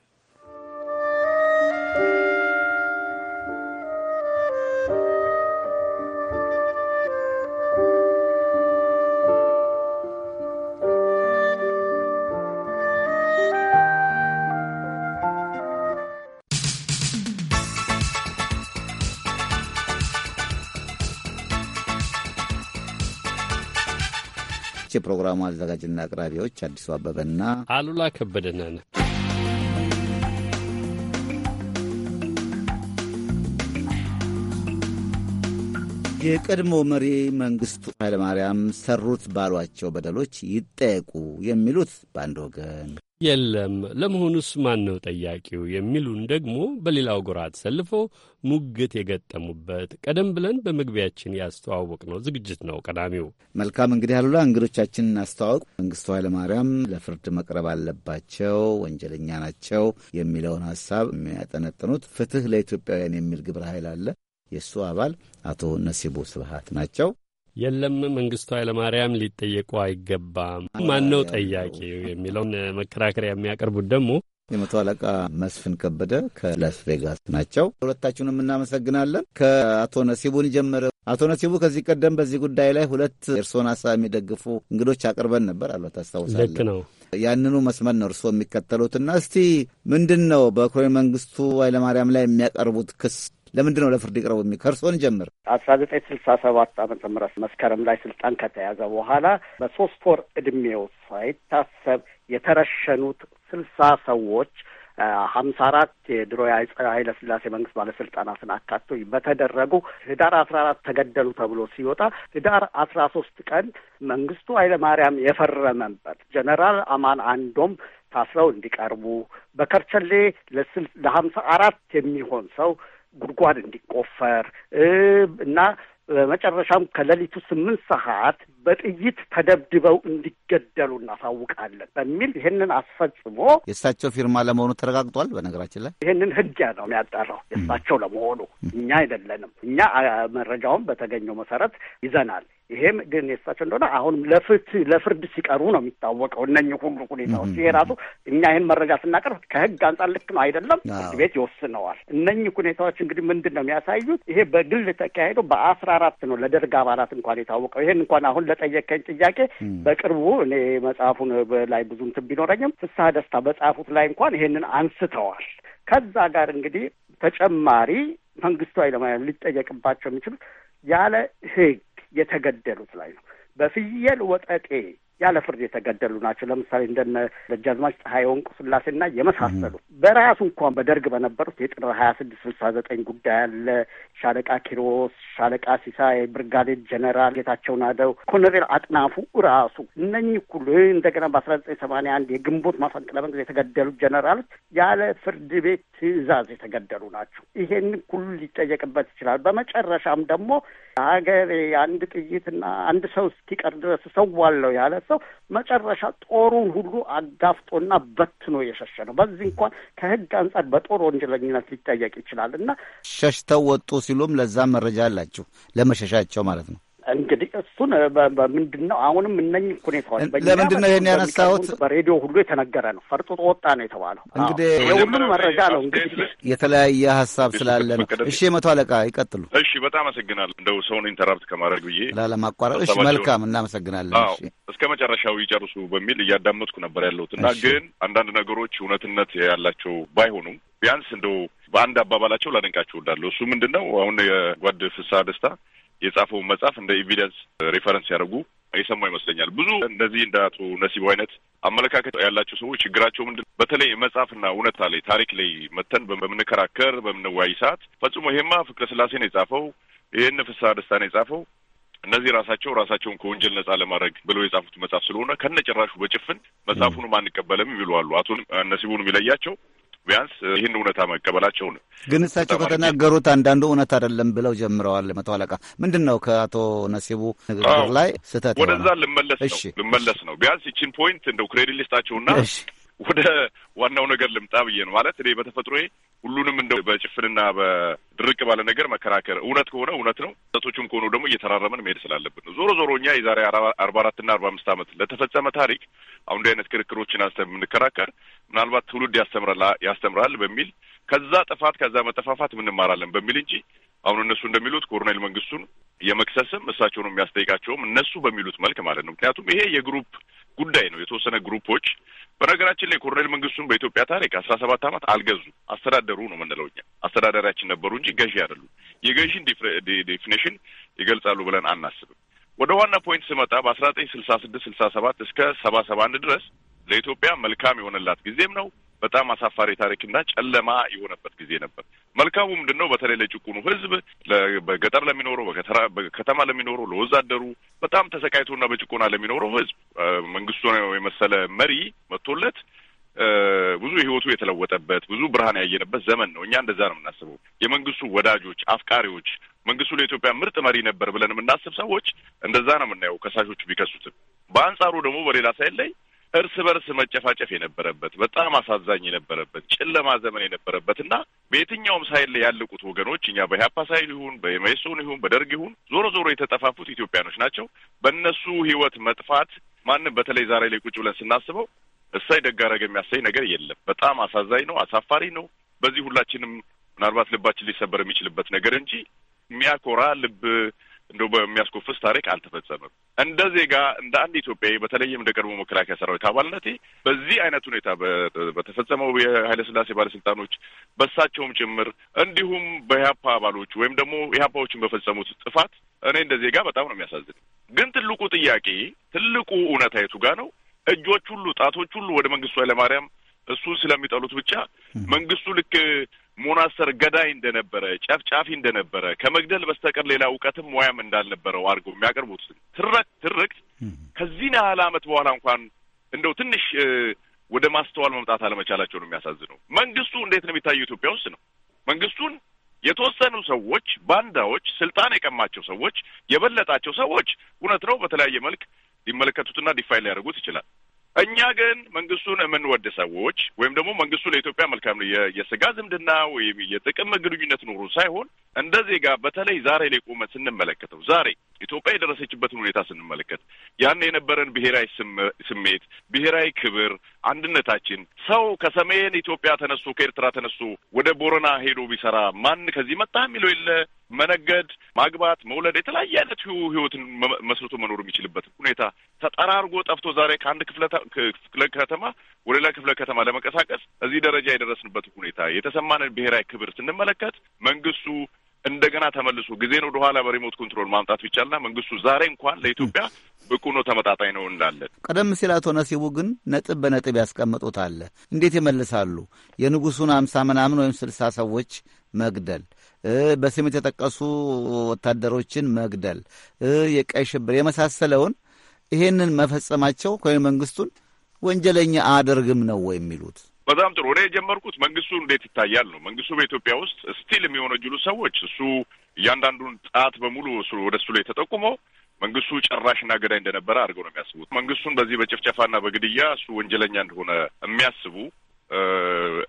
የፕሮግራሙ አዘጋጅና አቅራቢዎች አዲሱ አበበና
አሉላ ከበደ
የቀድሞ መሪ መንግስቱ ኃይለማርያም ሰሩት ባሏቸው በደሎች ይጠየቁ የሚሉት በአንድ ወገን
የለም ለመሆኑስ ማን ነው ጠያቂው የሚሉን ደግሞ በሌላው ጎራ ተሰልፈው ሙግት የገጠሙበት ቀደም ብለን በመግቢያችን ያስተዋወቅ ነው ዝግጅት ነው ቀዳሚው።
መልካም እንግዲህ አሉላ እንግዶቻችን እናስተዋወቅ። መንግስቱ ኃይለማርያም ለፍርድ መቅረብ አለባቸው፣ ወንጀለኛ ናቸው የሚለውን ሀሳብ የሚያጠነጥኑት ፍትህ ለኢትዮጵያውያን የሚል ግብረ ኃይል አለ። የእሱ አባል አቶ ነሲቡ ስብሃት ናቸው።
የለም መንግስቱ ኃይለማርያም ሊጠየቁ አይገባም፣ ማን ነው ጠያቂው የሚለውን መከራከሪያ የሚያቀርቡት
ደግሞ የመቶ አለቃ መስፍን ከበደ ከላስ ቬጋስ ናቸው። ሁለታችሁንም እናመሰግናለን። ከአቶ ነሲቡን ጀመረ። አቶ ነሲቡ ከዚህ ቀደም በዚህ ጉዳይ ላይ ሁለት እርስዎን ሀሳብ የሚደግፉ እንግዶች አቅርበን ነበር አሉ፣ ታስታውሳለህ? ልክ ነው። ያንኑ መስመር ነው እርስዎ የሚከተሉትና እስቲ ምንድን ነው በኮሎኔል መንግስቱ ኃይለማርያም ላይ የሚያቀርቡት ክስ ለምንድን ነው ለፍርድ ይቅረቡ የሚ ከእርስዎን ጀምር
አስራ ዘጠኝ ስልሳ ሰባት ዓመተ ምህረት መስከረም ላይ ስልጣን ከተያዘ በኋላ በሶስት ወር እድሜው ሳይታሰብ የተረሸኑት ስልሳ ሰዎች ሀምሳ አራት የድሮ ኃይለ ስላሴ መንግስት ባለስልጣናትን አካቶ በተደረጉ ህዳር አስራ አራት ተገደሉ ተብሎ ሲወጣ ህዳር አስራ ሶስት ቀን መንግስቱ ኃይለ ማርያም የፈረመበት ጀነራል አማን አንዶም ታስረው እንዲቀርቡ በከርቸሌ ለሀምሳ አራት የሚሆን ሰው ጉድጓድ እንዲቆፈር እና በመጨረሻም ከሌሊቱ ስምንት ሰዓት በጥይት ተደብድበው እንዲገደሉ እናሳውቃለን በሚል ይህንን አስፈጽሞ
የእሳቸው ፊርማ ለመሆኑ ተረጋግጧል። በነገራችን ላይ
ይህንን ህግ ነው የሚያጠራው የእሳቸው ለመሆኑ እኛ አይደለንም። እኛ መረጃውን በተገኘው መሰረት ይዘናል። ይሄም ግን የሳቸው እንደሆነ አሁን ለፍትህ ለፍርድ ሲቀርቡ ነው የሚታወቀው። እነኝህ ሁሉ ሁኔታዎች ይሄ ራሱ እኛ ይህን መረጃ ስናቀርብ ከህግ አንጻር ልክ ነው አይደለም፣ ፍርድ ቤት ይወስነዋል። እነኝህ ሁኔታዎች እንግዲህ ምንድን ነው የሚያሳዩት? ይሄ በግል ተካሄደው በአስራ አራት ነው ለደርግ አባላት እንኳን የታወቀው። ይሄን እንኳን አሁን ለጠየቀኝ ጥያቄ በቅርቡ እኔ መጽሐፉን ላይ ብዙ እንትን ቢኖረኝም ፍስሐ ደስታ በጻፉት ላይ እንኳን ይሄንን አንስተዋል። ከዛ ጋር እንግዲህ ተጨማሪ መንግስቱ ኃይለማርያም ሊጠየቅባቸው የሚችሉት ያለ ህግ የተገደሉት ላይ ነው።
በፍየል ወጠጤ
ያለ ፍርድ የተገደሉ ናቸው። ለምሳሌ እንደነ ደጃዝማች ፀሐይ ወንቁ ስላሴና የመሳሰሉ በራሱ እንኳን በደርግ በነበሩት የጥር ሀያ ስድስት ስልሳ ዘጠኝ ጉዳይ አለ። ሻለቃ ኪሮስ፣ ሻለቃ ሲሳይ፣ ብርጋዴር ጀነራል ጌታቸው ናደው፣ ኮሎኔል አጥናፉ ራሱ እነኚህ ሁሉ እንደገና በአስራ ዘጠኝ ሰማንያ አንድ የግንቦት ማፈንቅለ መንግስት የተገደሉት ጀነራሎች ያለ ፍርድ ቤት ትዕዛዝ የተገደሉ ናቸው። ይሄን ሁሉ ሊጠየቅበት ይችላል። በመጨረሻም ደግሞ ሀገሬ አንድ ጥይትና አንድ ሰው እስኪቀር ድረስ ሰዋለሁ ያለ የተነሳው መጨረሻ ጦሩን ሁሉ አጋፍጦና በትኖ የሸሸ ነው። በዚህ እንኳን ከህግ አንጻር በጦር ወንጀለኝነት ሊጠየቅ ይችላል እና
ሸሽተው ወጡ ሲሉም ለዛ መረጃ አላችሁ ለመሸሻቸው ማለት ነው።
እንግዲህ እሱን ምንድን ነው አሁንም እነኝ ሁኔታዎች ለምንድን ነው ይህን ያነሳሁት? በሬዲዮ ሁሉ የተነገረ ነው። ፈርጦ
ወጣ ነው የተባለው። እንግዲህ የሁሉም መረጃ ነው። እንግዲህ
የተለያየ ሀሳብ ስላለ ነው። እሺ፣ የመቶ አለቃ ይቀጥሉ።
እሺ፣ በጣም አመሰግናለሁ። እንደው ሰውን ኢንተራፕት ከማድረግ ብዬ ላለማቋረጥ። እሺ፣ መልካም
እናመሰግናለን።
እስከ መጨረሻው ይጨርሱ በሚል እያዳመጥኩ ነበር ያለሁት እና ግን አንዳንድ ነገሮች እውነትነት ያላቸው ባይሆኑም ቢያንስ እንደው በአንድ አባባላቸው ላደንቃቸው እወዳለሁ። እሱ ምንድን ነው አሁን የጓድ ፍስሐ ደስታ የጻፈውን መጽሐፍ እንደ ኤቪደንስ ሬፈረንስ ያደርጉ የሰማ ይመስለኛል። ብዙ እንደዚህ እንደ አቶ ነሲቡ አይነት አመለካከት ያላቸው ሰዎች ችግራቸው ምንድን በተለይ መጽሐፍና እውነታ ላይ ታሪክ ላይ መተን በምንከራከር በምንወያይ ሰዓት ፈጽሞ ይሄማ ፍቅረ ስላሴ ነው የጻፈው፣ ይህን ፍስሐ ደስታ ነው የጻፈው እነዚህ ራሳቸው ራሳቸውን ከወንጀል ነጻ ለማድረግ ብለው የጻፉት መጽሐፍ ስለሆነ ከነጭራሹ በጭፍን መጽሐፉንም አንቀበለም ይሉ አሉ። አቶ ነሲቡንም ይለያቸው ቢያንስ ይህን እውነታ መቀበላቸው ነው።
ግን እሳቸው ከተናገሩት አንዳንዱ እውነት አይደለም ብለው ጀምረዋል። መቶ አለቃ ምንድን ነው ከአቶ ነሲቡ ንግግር ላይ ስህተት ወደዛ
ልመለስ ነው ልመለስ ነው። ቢያንስ ይችን ፖይንት እንደው ክሬዲት ልስጣችሁና ወደ ዋናው ነገር ልምጣ ብዬ ነው ማለት እኔ በተፈጥሮዬ ሁሉንም እንደ በጭፍንና በድርቅ ባለ ነገር መከራከር እውነት ከሆነ እውነት ነው፣ ሰቶችም ከሆኑ ደግሞ እየተራረመን መሄድ ስላለብን ነው። ዞሮ ዞሮ እኛ የዛሬ አርባ አራትና አርባ አምስት ዓመት ለተፈጸመ ታሪክ አሁን አይነት ክርክሮችን አንስተን የምንከራከር ምናልባት ትውልድ ያስተምራል ያስተምራል በሚል ከዛ ጥፋት ከዛ መጠፋፋት ምንማራለን በሚል እንጂ አሁን እነሱ እንደሚሉት ኮሎኔል መንግስቱን የመክሰስም እሳቸውን የሚያስጠይቃቸውም እነሱ በሚሉት መልክ ማለት ነው። ምክንያቱም ይሄ የግሩፕ ጉዳይ ነው። የተወሰነ ግሩፖች በነገራችን ላይ ኮሎኔል መንግስቱን በኢትዮጵያ ታሪክ አስራ ሰባት ዓመት አልገዙ አስተዳደሩ ነው የምንለው እኛ አስተዳዳሪያችን ነበሩ እንጂ ገዢ አይደሉም። የገዢን ዴፊኔሽን ይገልጻሉ ብለን አናስብም። ወደ ዋና ፖይንት ስመጣ በአስራ ዘጠኝ ስልሳ ስድስት ስልሳ ሰባት እስከ ሰባ ሰባ አንድ ድረስ ለኢትዮጵያ መልካም የሆነላት ጊዜም ነው በጣም አሳፋሪ ታሪክና ጨለማ የሆነበት ጊዜ ነበር። መልካሙ ምንድን ነው? በተለይ ለጭቁኑ ህዝብ በገጠር ለሚኖረው፣ በከተማ ለሚኖረው፣ ለወዛደሩ በጣም ተሰቃይቶና በጭቁና ለሚኖረው ህዝብ መንግስቱ የመሰለ መሪ መጥቶለት ብዙ ህይወቱ የተለወጠበት ብዙ ብርሃን ያየንበት ዘመን ነው። እኛ እንደዛ ነው የምናስበው። የመንግስቱ ወዳጆች፣ አፍቃሪዎች መንግስቱ ለኢትዮጵያ ምርጥ መሪ ነበር ብለን የምናስብ ሰዎች እንደዛ ነው የምናየው፣ ከሳሾቹ ቢከሱትም። በአንጻሩ ደግሞ በሌላ ሳይል ላይ እርስ በርስ መጨፋጨፍ የነበረበት በጣም አሳዛኝ የነበረበት ጨለማ ዘመን የነበረበት እና በየትኛውም ሳይል ያለቁት ወገኖች እኛ በኢህአፓ ሳይል ይሁን በኤምኤሶን ይሁን በደርግ ይሁን ዞሮ ዞሮ የተጠፋፉት ኢትዮጵያኖች ናቸው። በእነሱ ህይወት መጥፋት ማንም በተለይ ዛሬ ላይ ቁጭ ብለን ስናስበው እሳይ ደግ የሚያሳይ ነገር የለም። በጣም አሳዛኝ ነው፣ አሳፋሪ ነው። በዚህ ሁላችንም ምናልባት ልባችን ሊሰበር የሚችልበት ነገር እንጂ የሚያኮራ ልብ እንደ በሚያስኮፍስ ታሪክ አልተፈጸመም። እንደ ዜጋ እንደ አንድ ኢትዮጵያዊ በተለይም እንደ ቀድሞ መከላከያ ሰራዊት አባልነቴ በዚህ አይነት ሁኔታ በተፈጸመው የኃይለስላሴ ባለስልጣኖች በሳቸውም ጭምር እንዲሁም በኢህአፓ አባሎች ወይም ደግሞ ኢህአፓዎችን በፈጸሙት ጥፋት እኔ እንደ ዜጋ በጣም ነው የሚያሳዝን። ግን ትልቁ ጥያቄ ትልቁ እውነታ የቱ ጋር ነው? እጆች ሁሉ ጣቶች ሁሉ ወደ መንግስቱ ኃይለማርያም እሱን ስለሚጠሉት ብቻ መንግስቱ ልክ ሞናስተር ገዳይ እንደነበረ፣ ጨፍጫፊ እንደነበረ ከመግደል በስተቀር ሌላ እውቀትም ሙያም እንዳልነበረው አድርገው የሚያቀርቡት ትረክ ትርክ ከዚህን ያህል ዓመት በኋላ እንኳን እንደው ትንሽ ወደ ማስተዋል መምጣት አለመቻላቸው ነው የሚያሳዝነው። መንግስቱ እንዴት ነው የሚታየው? ኢትዮጵያ ውስጥ ነው መንግስቱን የተወሰኑ ሰዎች፣ ባንዳዎች፣ ስልጣን የቀማቸው ሰዎች፣ የበለጣቸው ሰዎች እውነት ነው በተለያየ መልክ ሊመለከቱትና ዲፋይል ሊያደርጉት ይችላል። እኛ ግን መንግስቱን የምንወድ ሰዎች ወይም ደግሞ መንግስቱ ለኢትዮጵያ መልካም የስጋ ዝምድና ወይም የጥቅም ግንኙነት ኑሮ ሳይሆን እንደ ዜጋ በተለይ ዛሬ ላይ ቆመን ስንመለከተው ዛሬ ኢትዮጵያ የደረሰችበትን ሁኔታ ስንመለከት ያን የነበረን ብሔራዊ ስሜት፣ ብሔራዊ ክብር፣ አንድነታችን ሰው ከሰሜን ኢትዮጵያ ተነሱ ከኤርትራ ተነሱ ወደ ቦረና ሄዶ ቢሰራ ማን ከዚህ መጣ የሚለው የለ። መነገድ፣ ማግባት፣ መውለድ የተለያየ አይነት ህይወትን መስርቶ መኖር የሚችልበት ሁኔታ ተጠራርጎ ጠፍቶ ዛሬ ከአንድ ክፍለ ከተማ ወደ ሌላ ክፍለ ከተማ ለመንቀሳቀስ እዚህ ደረጃ የደረስንበት ሁኔታ የተሰማንን ብሔራዊ ክብር ስንመለከት መንግስቱ እንደገና ተመልሶ ጊዜን ኋላ በሪሞት ኮንትሮል ማምጣት ቢቻልና መንግስቱ ዛሬ እንኳን ለኢትዮጵያ ብቁ ነው፣ ተመጣጣኝ ነው እንዳለን።
ቀደም ሲል አቶ ነሲቡ ግን ነጥብ በነጥብ ያስቀምጡት አለ። እንዴት ይመልሳሉ? የንጉሱን አምሳ ምናምን ወይም ስልሳ ሰዎች መግደል በስም የተጠቀሱ ወታደሮችን መግደል፣ የቀይ ሽብር የመሳሰለውን ይሄንን መፈጸማቸው ከወይ መንግስቱን ወንጀለኛ አያደርግም ነው የሚሉት
በጣም ጥሩ። እኔ የጀመርኩት መንግስቱ እንዴት ይታያል ነው። መንግስቱ በኢትዮጵያ ውስጥ ስቲል የሚወነጅሉ ሰዎች እሱ እያንዳንዱን ጣት በሙሉ ወደ እሱ ላይ ተጠቁሞ መንግስቱ ጨራሽና ገዳይ እንደነበረ አድርገው ነው የሚያስቡት። መንግስቱን በዚህ በጭፍጨፋና በግድያ እሱ ወንጀለኛ እንደሆነ የሚያስቡ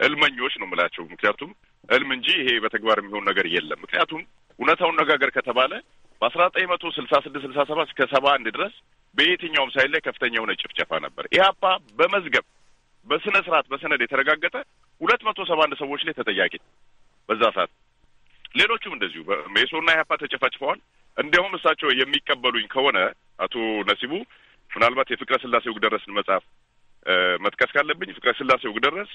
እልመኞች ነው የምላቸው። ምክንያቱም እልም እንጂ ይሄ በተግባር የሚሆን ነገር የለም። ምክንያቱም እውነታውን ነጋገር ከተባለ በአስራ ዘጠኝ መቶ ስልሳ ስድስት ስልሳ ሰባት እስከ ሰባ አንድ ድረስ በየትኛውም ሳይል ላይ ከፍተኛ የሆነ ጭፍጨፋ ነበር። ኢህአፓ በመዝገብ በስነ ስርዓት በሰነድ የተረጋገጠ ሁለት መቶ ሰባ አንድ ሰዎች ላይ ተጠያቂ በዛ ሰዓት። ሌሎቹም እንደዚሁ ሜሶና ኢህአፓ ተጨፋጭፈዋል። እንዲያውም እሳቸው የሚቀበሉኝ ከሆነ አቶ ነሲቡ ምናልባት የፍቅረ ስላሴ ውግደረስን መጽሐፍ መጥቀስ ካለብኝ ፍቅረ ስላሴ ውግደረስ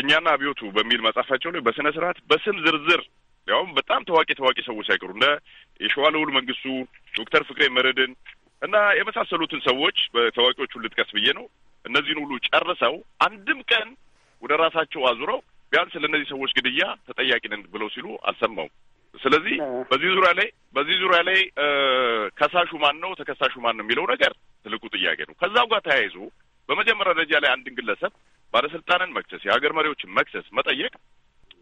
እኛና አብዮቱ በሚል መጽሐፋቸው ላይ በስነ ስርዓት በስም ዝርዝር ያውም በጣም ታዋቂ ታዋቂ ሰዎች ሳይቀሩ እንደ የሸዋ ልዑል መንግስቱ፣ ዶክተር ፍቅሬ መረድን እና የመሳሰሉትን ሰዎች በታዋቂዎቹን ልጥቀስ ብዬ ነው እነዚህን ሁሉ ጨርሰው አንድም ቀን ወደ ራሳቸው አዙረው ቢያንስ ለእነዚህ ሰዎች ግድያ ተጠያቂ ነን ብለው ሲሉ አልሰማውም። ስለዚህ በዚህ ዙሪያ ላይ በዚህ ዙሪያ ላይ ከሳሹ ማን ነው ተከሳሹ ማን ነው የሚለው ነገር ትልቁ ጥያቄ ነው። ከዛው ጋር ተያይዞ በመጀመሪያ ደረጃ ላይ አንድን ግለሰብ ባለስልጣንን መክሰስ፣ የሀገር መሪዎችን መክሰስ፣ መጠየቅ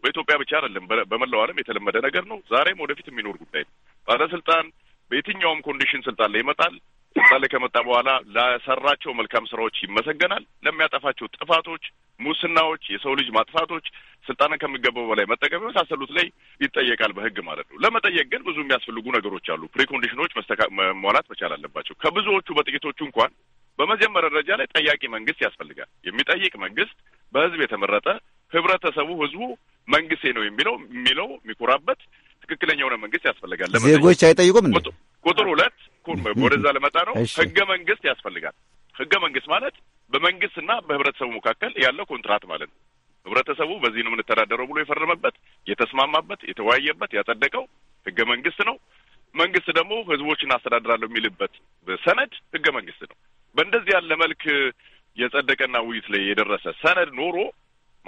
በኢትዮጵያ ብቻ አይደለም፣ በመላው ዓለም የተለመደ ነገር ነው። ዛሬም ወደፊት የሚኖር ጉዳይ ነው። ባለስልጣን በየትኛውም ኮንዲሽን ስልጣን ላይ ይመጣል። ስልጣን ላይ ከመጣ በኋላ ለሰራቸው መልካም ስራዎች ይመሰገናል። ለሚያጠፋቸው ጥፋቶች፣ ሙስናዎች፣ የሰው ልጅ ማጥፋቶች፣ ስልጣንን ከሚገባው በላይ መጠቀም የመሳሰሉት ላይ ይጠየቃል በህግ ማለት ነው። ለመጠየቅ ግን ብዙ የሚያስፈልጉ ነገሮች አሉ። ፕሪኮንዲሽኖች መሟላት መቻል አለባቸው። ከብዙዎቹ በጥቂቶቹ እንኳን በመጀመሪያ ደረጃ ላይ ጠያቂ መንግስት ያስፈልጋል። የሚጠይቅ መንግስት በህዝብ የተመረጠ ህብረተሰቡ ህዝቡ መንግስቴ ነው የሚለው የሚለው የሚኮራበት ትክክለኛ የሆነ መንግስት ያስፈልጋል። ዜጎች
አይጠይቁም እንዴ?
ቁጥር ሁለት ወደዛ ለመጣ ነው። ህገ መንግስት ያስፈልጋል። ህገ መንግስት ማለት በመንግስትና በህብረተሰቡ መካከል ያለው ኮንትራት ማለት ነው። ህብረተሰቡ በዚህ ነው የምንተዳደረው ብሎ የፈረመበት፣ የተስማማበት፣ የተወያየበት፣ ያጸደቀው ህገ መንግስት ነው። መንግስት ደግሞ ህዝቦችን አስተዳድራለሁ የሚልበት ሰነድ ህገ መንግስት ነው። በእንደዚህ ያለ መልክ የጸደቀና ውይይት ላይ የደረሰ ሰነድ ኖሮ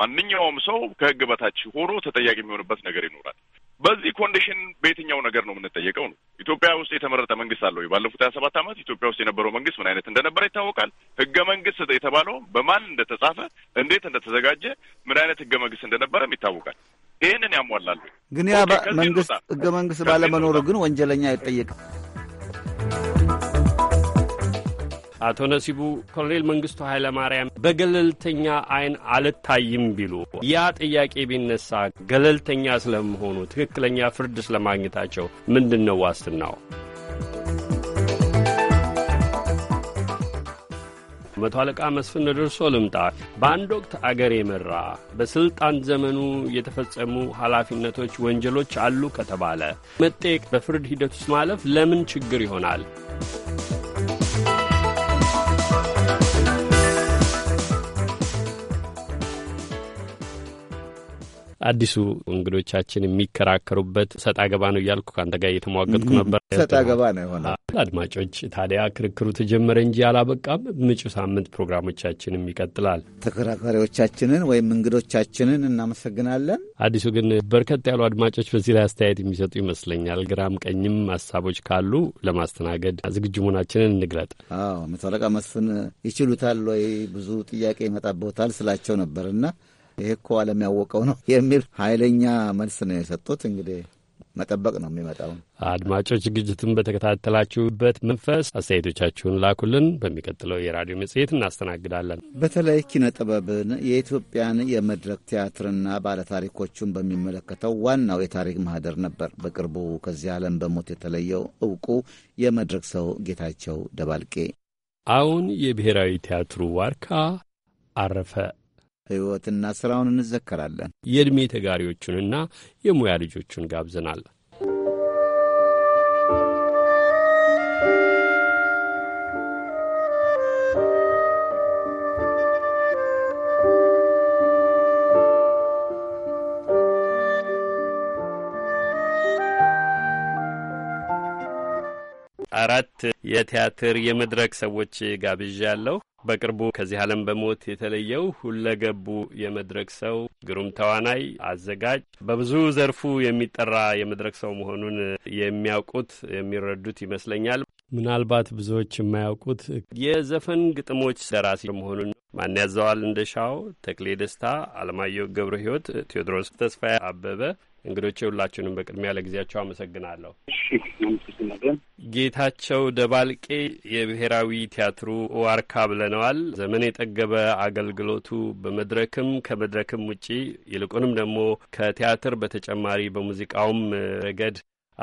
ማንኛውም ሰው ከህግ በታች ሆኖ ተጠያቂ የሚሆንበት ነገር ይኖራል። በዚህ ኮንዲሽን በየትኛው ነገር ነው የምንጠየቀው ነው። ኢትዮጵያ ውስጥ የተመረጠ መንግስት አለ ወይ? ባለፉት ሀያ ሰባት ዓመት ኢትዮጵያ ውስጥ የነበረው መንግስት ምን አይነት እንደነበረ ይታወቃል። ህገ መንግስት የተባለው በማን እንደተጻፈ፣ እንዴት እንደተዘጋጀ፣ ምን አይነት ህገ መንግስት እንደነበረም ይታወቃል። ይህንን ያሟላሉ።
ግን ያ መንግስት ህገ መንግስት ባለመኖሩ ግን ወንጀለኛ አይጠየቅም።
አቶ ነሲቡ ኮሎኔል መንግስቱ ኃይለማርያም በገለልተኛ አይን አልታይም ቢሉ ያ ጥያቄ ቢነሳ ገለልተኛ ስለመሆኑ ትክክለኛ ፍርድ ስለማግኘታቸው ምንድን ነው ዋስትናው? መቶ አለቃ መስፍን ደርሶ ልምጣ። በአንድ ወቅት አገር የመራ በስልጣን ዘመኑ የተፈጸሙ ኃላፊነቶች፣ ወንጀሎች አሉ ከተባለ መጠየቅ በፍርድ ሂደት ውስጥ ማለፍ ለምን ችግር ይሆናል? አዲሱ እንግዶቻችን የሚከራከሩበት ሰጣ ገባ ነው እያልኩ ከአንተ ጋር እየተሟገጥኩ ነበር። ሰጣ ገባ ነው የሆነ። አድማጮች ታዲያ ክርክሩ ተጀመረ እንጂ አላበቃም። መጪው ሳምንት ፕሮግራሞቻችንም ይቀጥላል። ተከራካሪዎቻችንን
ወይም እንግዶቻችንን እናመሰግናለን።
አዲሱ ግን በርከት ያሉ አድማጮች በዚህ ላይ አስተያየት የሚሰጡ ይመስለኛል። ግራም ቀኝም ሀሳቦች ካሉ ለማስተናገድ ዝግጁ መሆናችንን እንግለጥ። አዎ መቶ አለቃ መስፍን
ይችሉታል ወይ ብዙ ጥያቄ ይመጣበታል ስላቸው ነበርና ይሄ እኮ ዓለም ያወቀው ነው የሚል ኃይለኛ መልስ ነው የሰጡት። እንግዲህ መጠበቅ ነው የሚመጣው።
አድማጮች ዝግጅቱን በተከታተላችሁበት መንፈስ አስተያየቶቻችሁን ላኩልን። በሚቀጥለው የራዲዮ መጽሔት እናስተናግዳለን።
በተለይ ኪነ ጥበብን የኢትዮጵያን የመድረክ ቲያትርና ባለታሪኮቹን በሚመለከተው ዋናው የታሪክ ማህደር ነበር በቅርቡ ከዚህ ዓለም በሞት የተለየው እውቁ የመድረክ ሰው ጌታቸው ደባልቄ።
አሁን የብሔራዊ ቲያትሩ ዋርካ አረፈ ሕይወትና ሥራውን እንዘከራለን። የዕድሜ ተጋሪዎቹንና የሙያ ልጆቹን ጋብዘናል። አራት የቲያትር የመድረክ ሰዎች ጋብዣ ያለሁ በቅርቡ ከዚህ ዓለም በሞት የተለየው ሁለገቡ የመድረክ ሰው ግሩም ተዋናይ፣ አዘጋጅ በብዙ ዘርፉ የሚጠራ የመድረክ ሰው መሆኑን የሚያውቁት የሚረዱት ይመስለኛል። ምናልባት ብዙዎች የማያውቁት የዘፈን ግጥሞች ደራሲ መሆኑን ማን ያዘዋል እንደሻው፣ ተክሌ ደስታ፣ አለማየሁ ገብረ ህይወት ቴዎድሮስ ተስፋዬ አበበ እንግዶች ሁላችሁንም በቅድሚያ ለጊዜያቸው አመሰግናለሁ። ጌታቸው ደባልቄ የብሔራዊ ቲያትሩ ዋርካ ብለነዋል። ዘመን የጠገበ አገልግሎቱ በመድረክም ከመድረክም ውጪ ይልቁንም ደግሞ ከቲያትር በተጨማሪ በሙዚቃውም ረገድ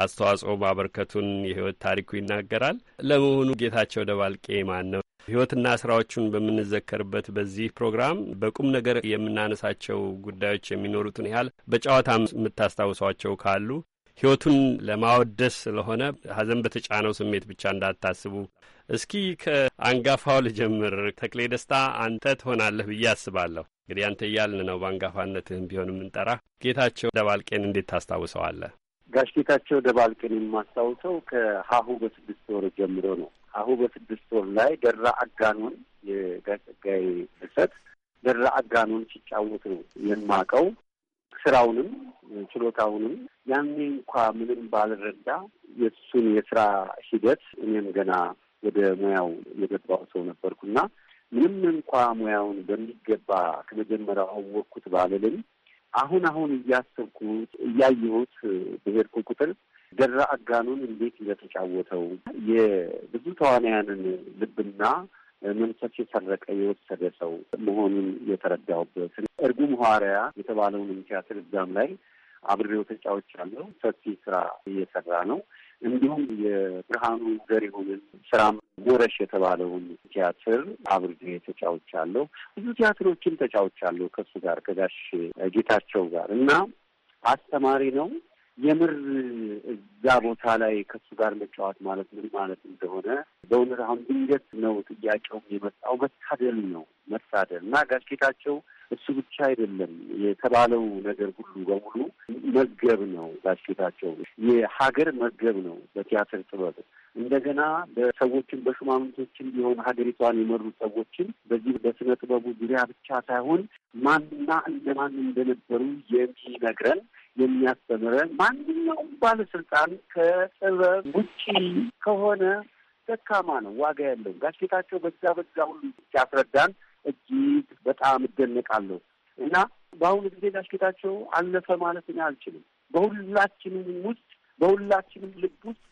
አስተዋጽኦ ማበርከቱን የህይወት ታሪኩ ይናገራል። ለመሆኑ ጌታቸው ደባልቄ ማን ነው? ህይወትና ስራዎቹን በምንዘከርበት በዚህ ፕሮግራም በቁም ነገር የምናነሳቸው ጉዳዮች የሚኖሩትን ያህል በጨዋታ የምታስታውሷቸው ካሉ ህይወቱን ለማወደስ ስለሆነ ሀዘን በተጫነው ስሜት ብቻ እንዳታስቡ። እስኪ ከአንጋፋው ልጀምር። ተክሌ ደስታ አንተ ትሆናለህ ብዬ አስባለሁ። እንግዲህ አንተ እያልን ነው በአንጋፋነትህም ቢሆን የምንጠራ። ጌታቸው ደባልቄን እንዴት ታስታውሰዋለህ?
ጋሽ ጌታቸው ደባልቄን የማስታውሰው ከሀሁ በስድስት ወር ጀምሮ ነው። አሁ በስድስት ወር ላይ ደራ አጋኑን የጋጸጋይ ፍሰት ደራ አጋኑን ሲጫወት ነው የማቀው። ስራውንም ችሎታውንም ያኔ እንኳ ምንም ባልረዳ የእሱን የስራ ሂደት እኔም ገና ወደ ሙያው የገባው ሰው ነበርኩና ምንም እንኳ ሙያውን በሚገባ ከመጀመሪያው አወቅኩት ባልልም አሁን አሁን እያሰብኩት እያየሁት ብሄድኩ ቁጥር ደራ አጋኑን እንዴት እንደተጫወተው የብዙ ተዋናያንን ልብና መንፈስ የሰረቀ የወሰደ ሰው መሆኑን የተረዳሁበት እርጉም ሐዋርያ የተባለውን ቲያትር እዛም ላይ አብሬው ተጫዎች ያለው ሰፊ ስራ እየሰራ ነው። እንዲሁም የብርሃኑ ዘሪሁንን ስራም ጎረሽ የተባለውን ቲያትር አብሬ ተጫዎች አለው። ብዙ ቲያትሮችን ተጫዎች አለው ከሱ ጋር ከጋሽ ጌታቸው ጋር እና አስተማሪ ነው። የምር እዛ ቦታ ላይ ከሱ ጋር መጫወት ማለት ምን ማለት እንደሆነ በእውነት አሁን ድንገት ነው ጥያቄው የመጣው። መታደል ነው መታደል እና ጋሽ ጌታቸው እሱ ብቻ አይደለም የተባለው ነገር ሁሉ በሙሉ መዝገብ ነው። ጋሽ ጌታቸው የሀገር መዝገብ ነው በቲያትር ጥበብ እንደገና በሰዎችን በሹማምንቶችን ቢሆን ሀገሪቷን የመሩ ሰዎችን በዚህ በስነ ጥበቡ ዙሪያ ብቻ ሳይሆን ማንና እንደማን እንደነበሩ የሚነግረን የሚያስተምረን ማንኛውም ባለስልጣን ከጥበብ ውጪ ከሆነ ደካማ ነው፣ ዋጋ ያለው ጋሽ ጌታቸው በዛ በዛ ሁሉ ሲያስረዳን እጅግ በጣም እደነቃለሁ እና በአሁኑ ጊዜ ጋሽ ጌታቸው አለፈ ማለት እኔ አልችልም። በሁላችንም ውስጥ በሁላችንም ልብ ውስጥ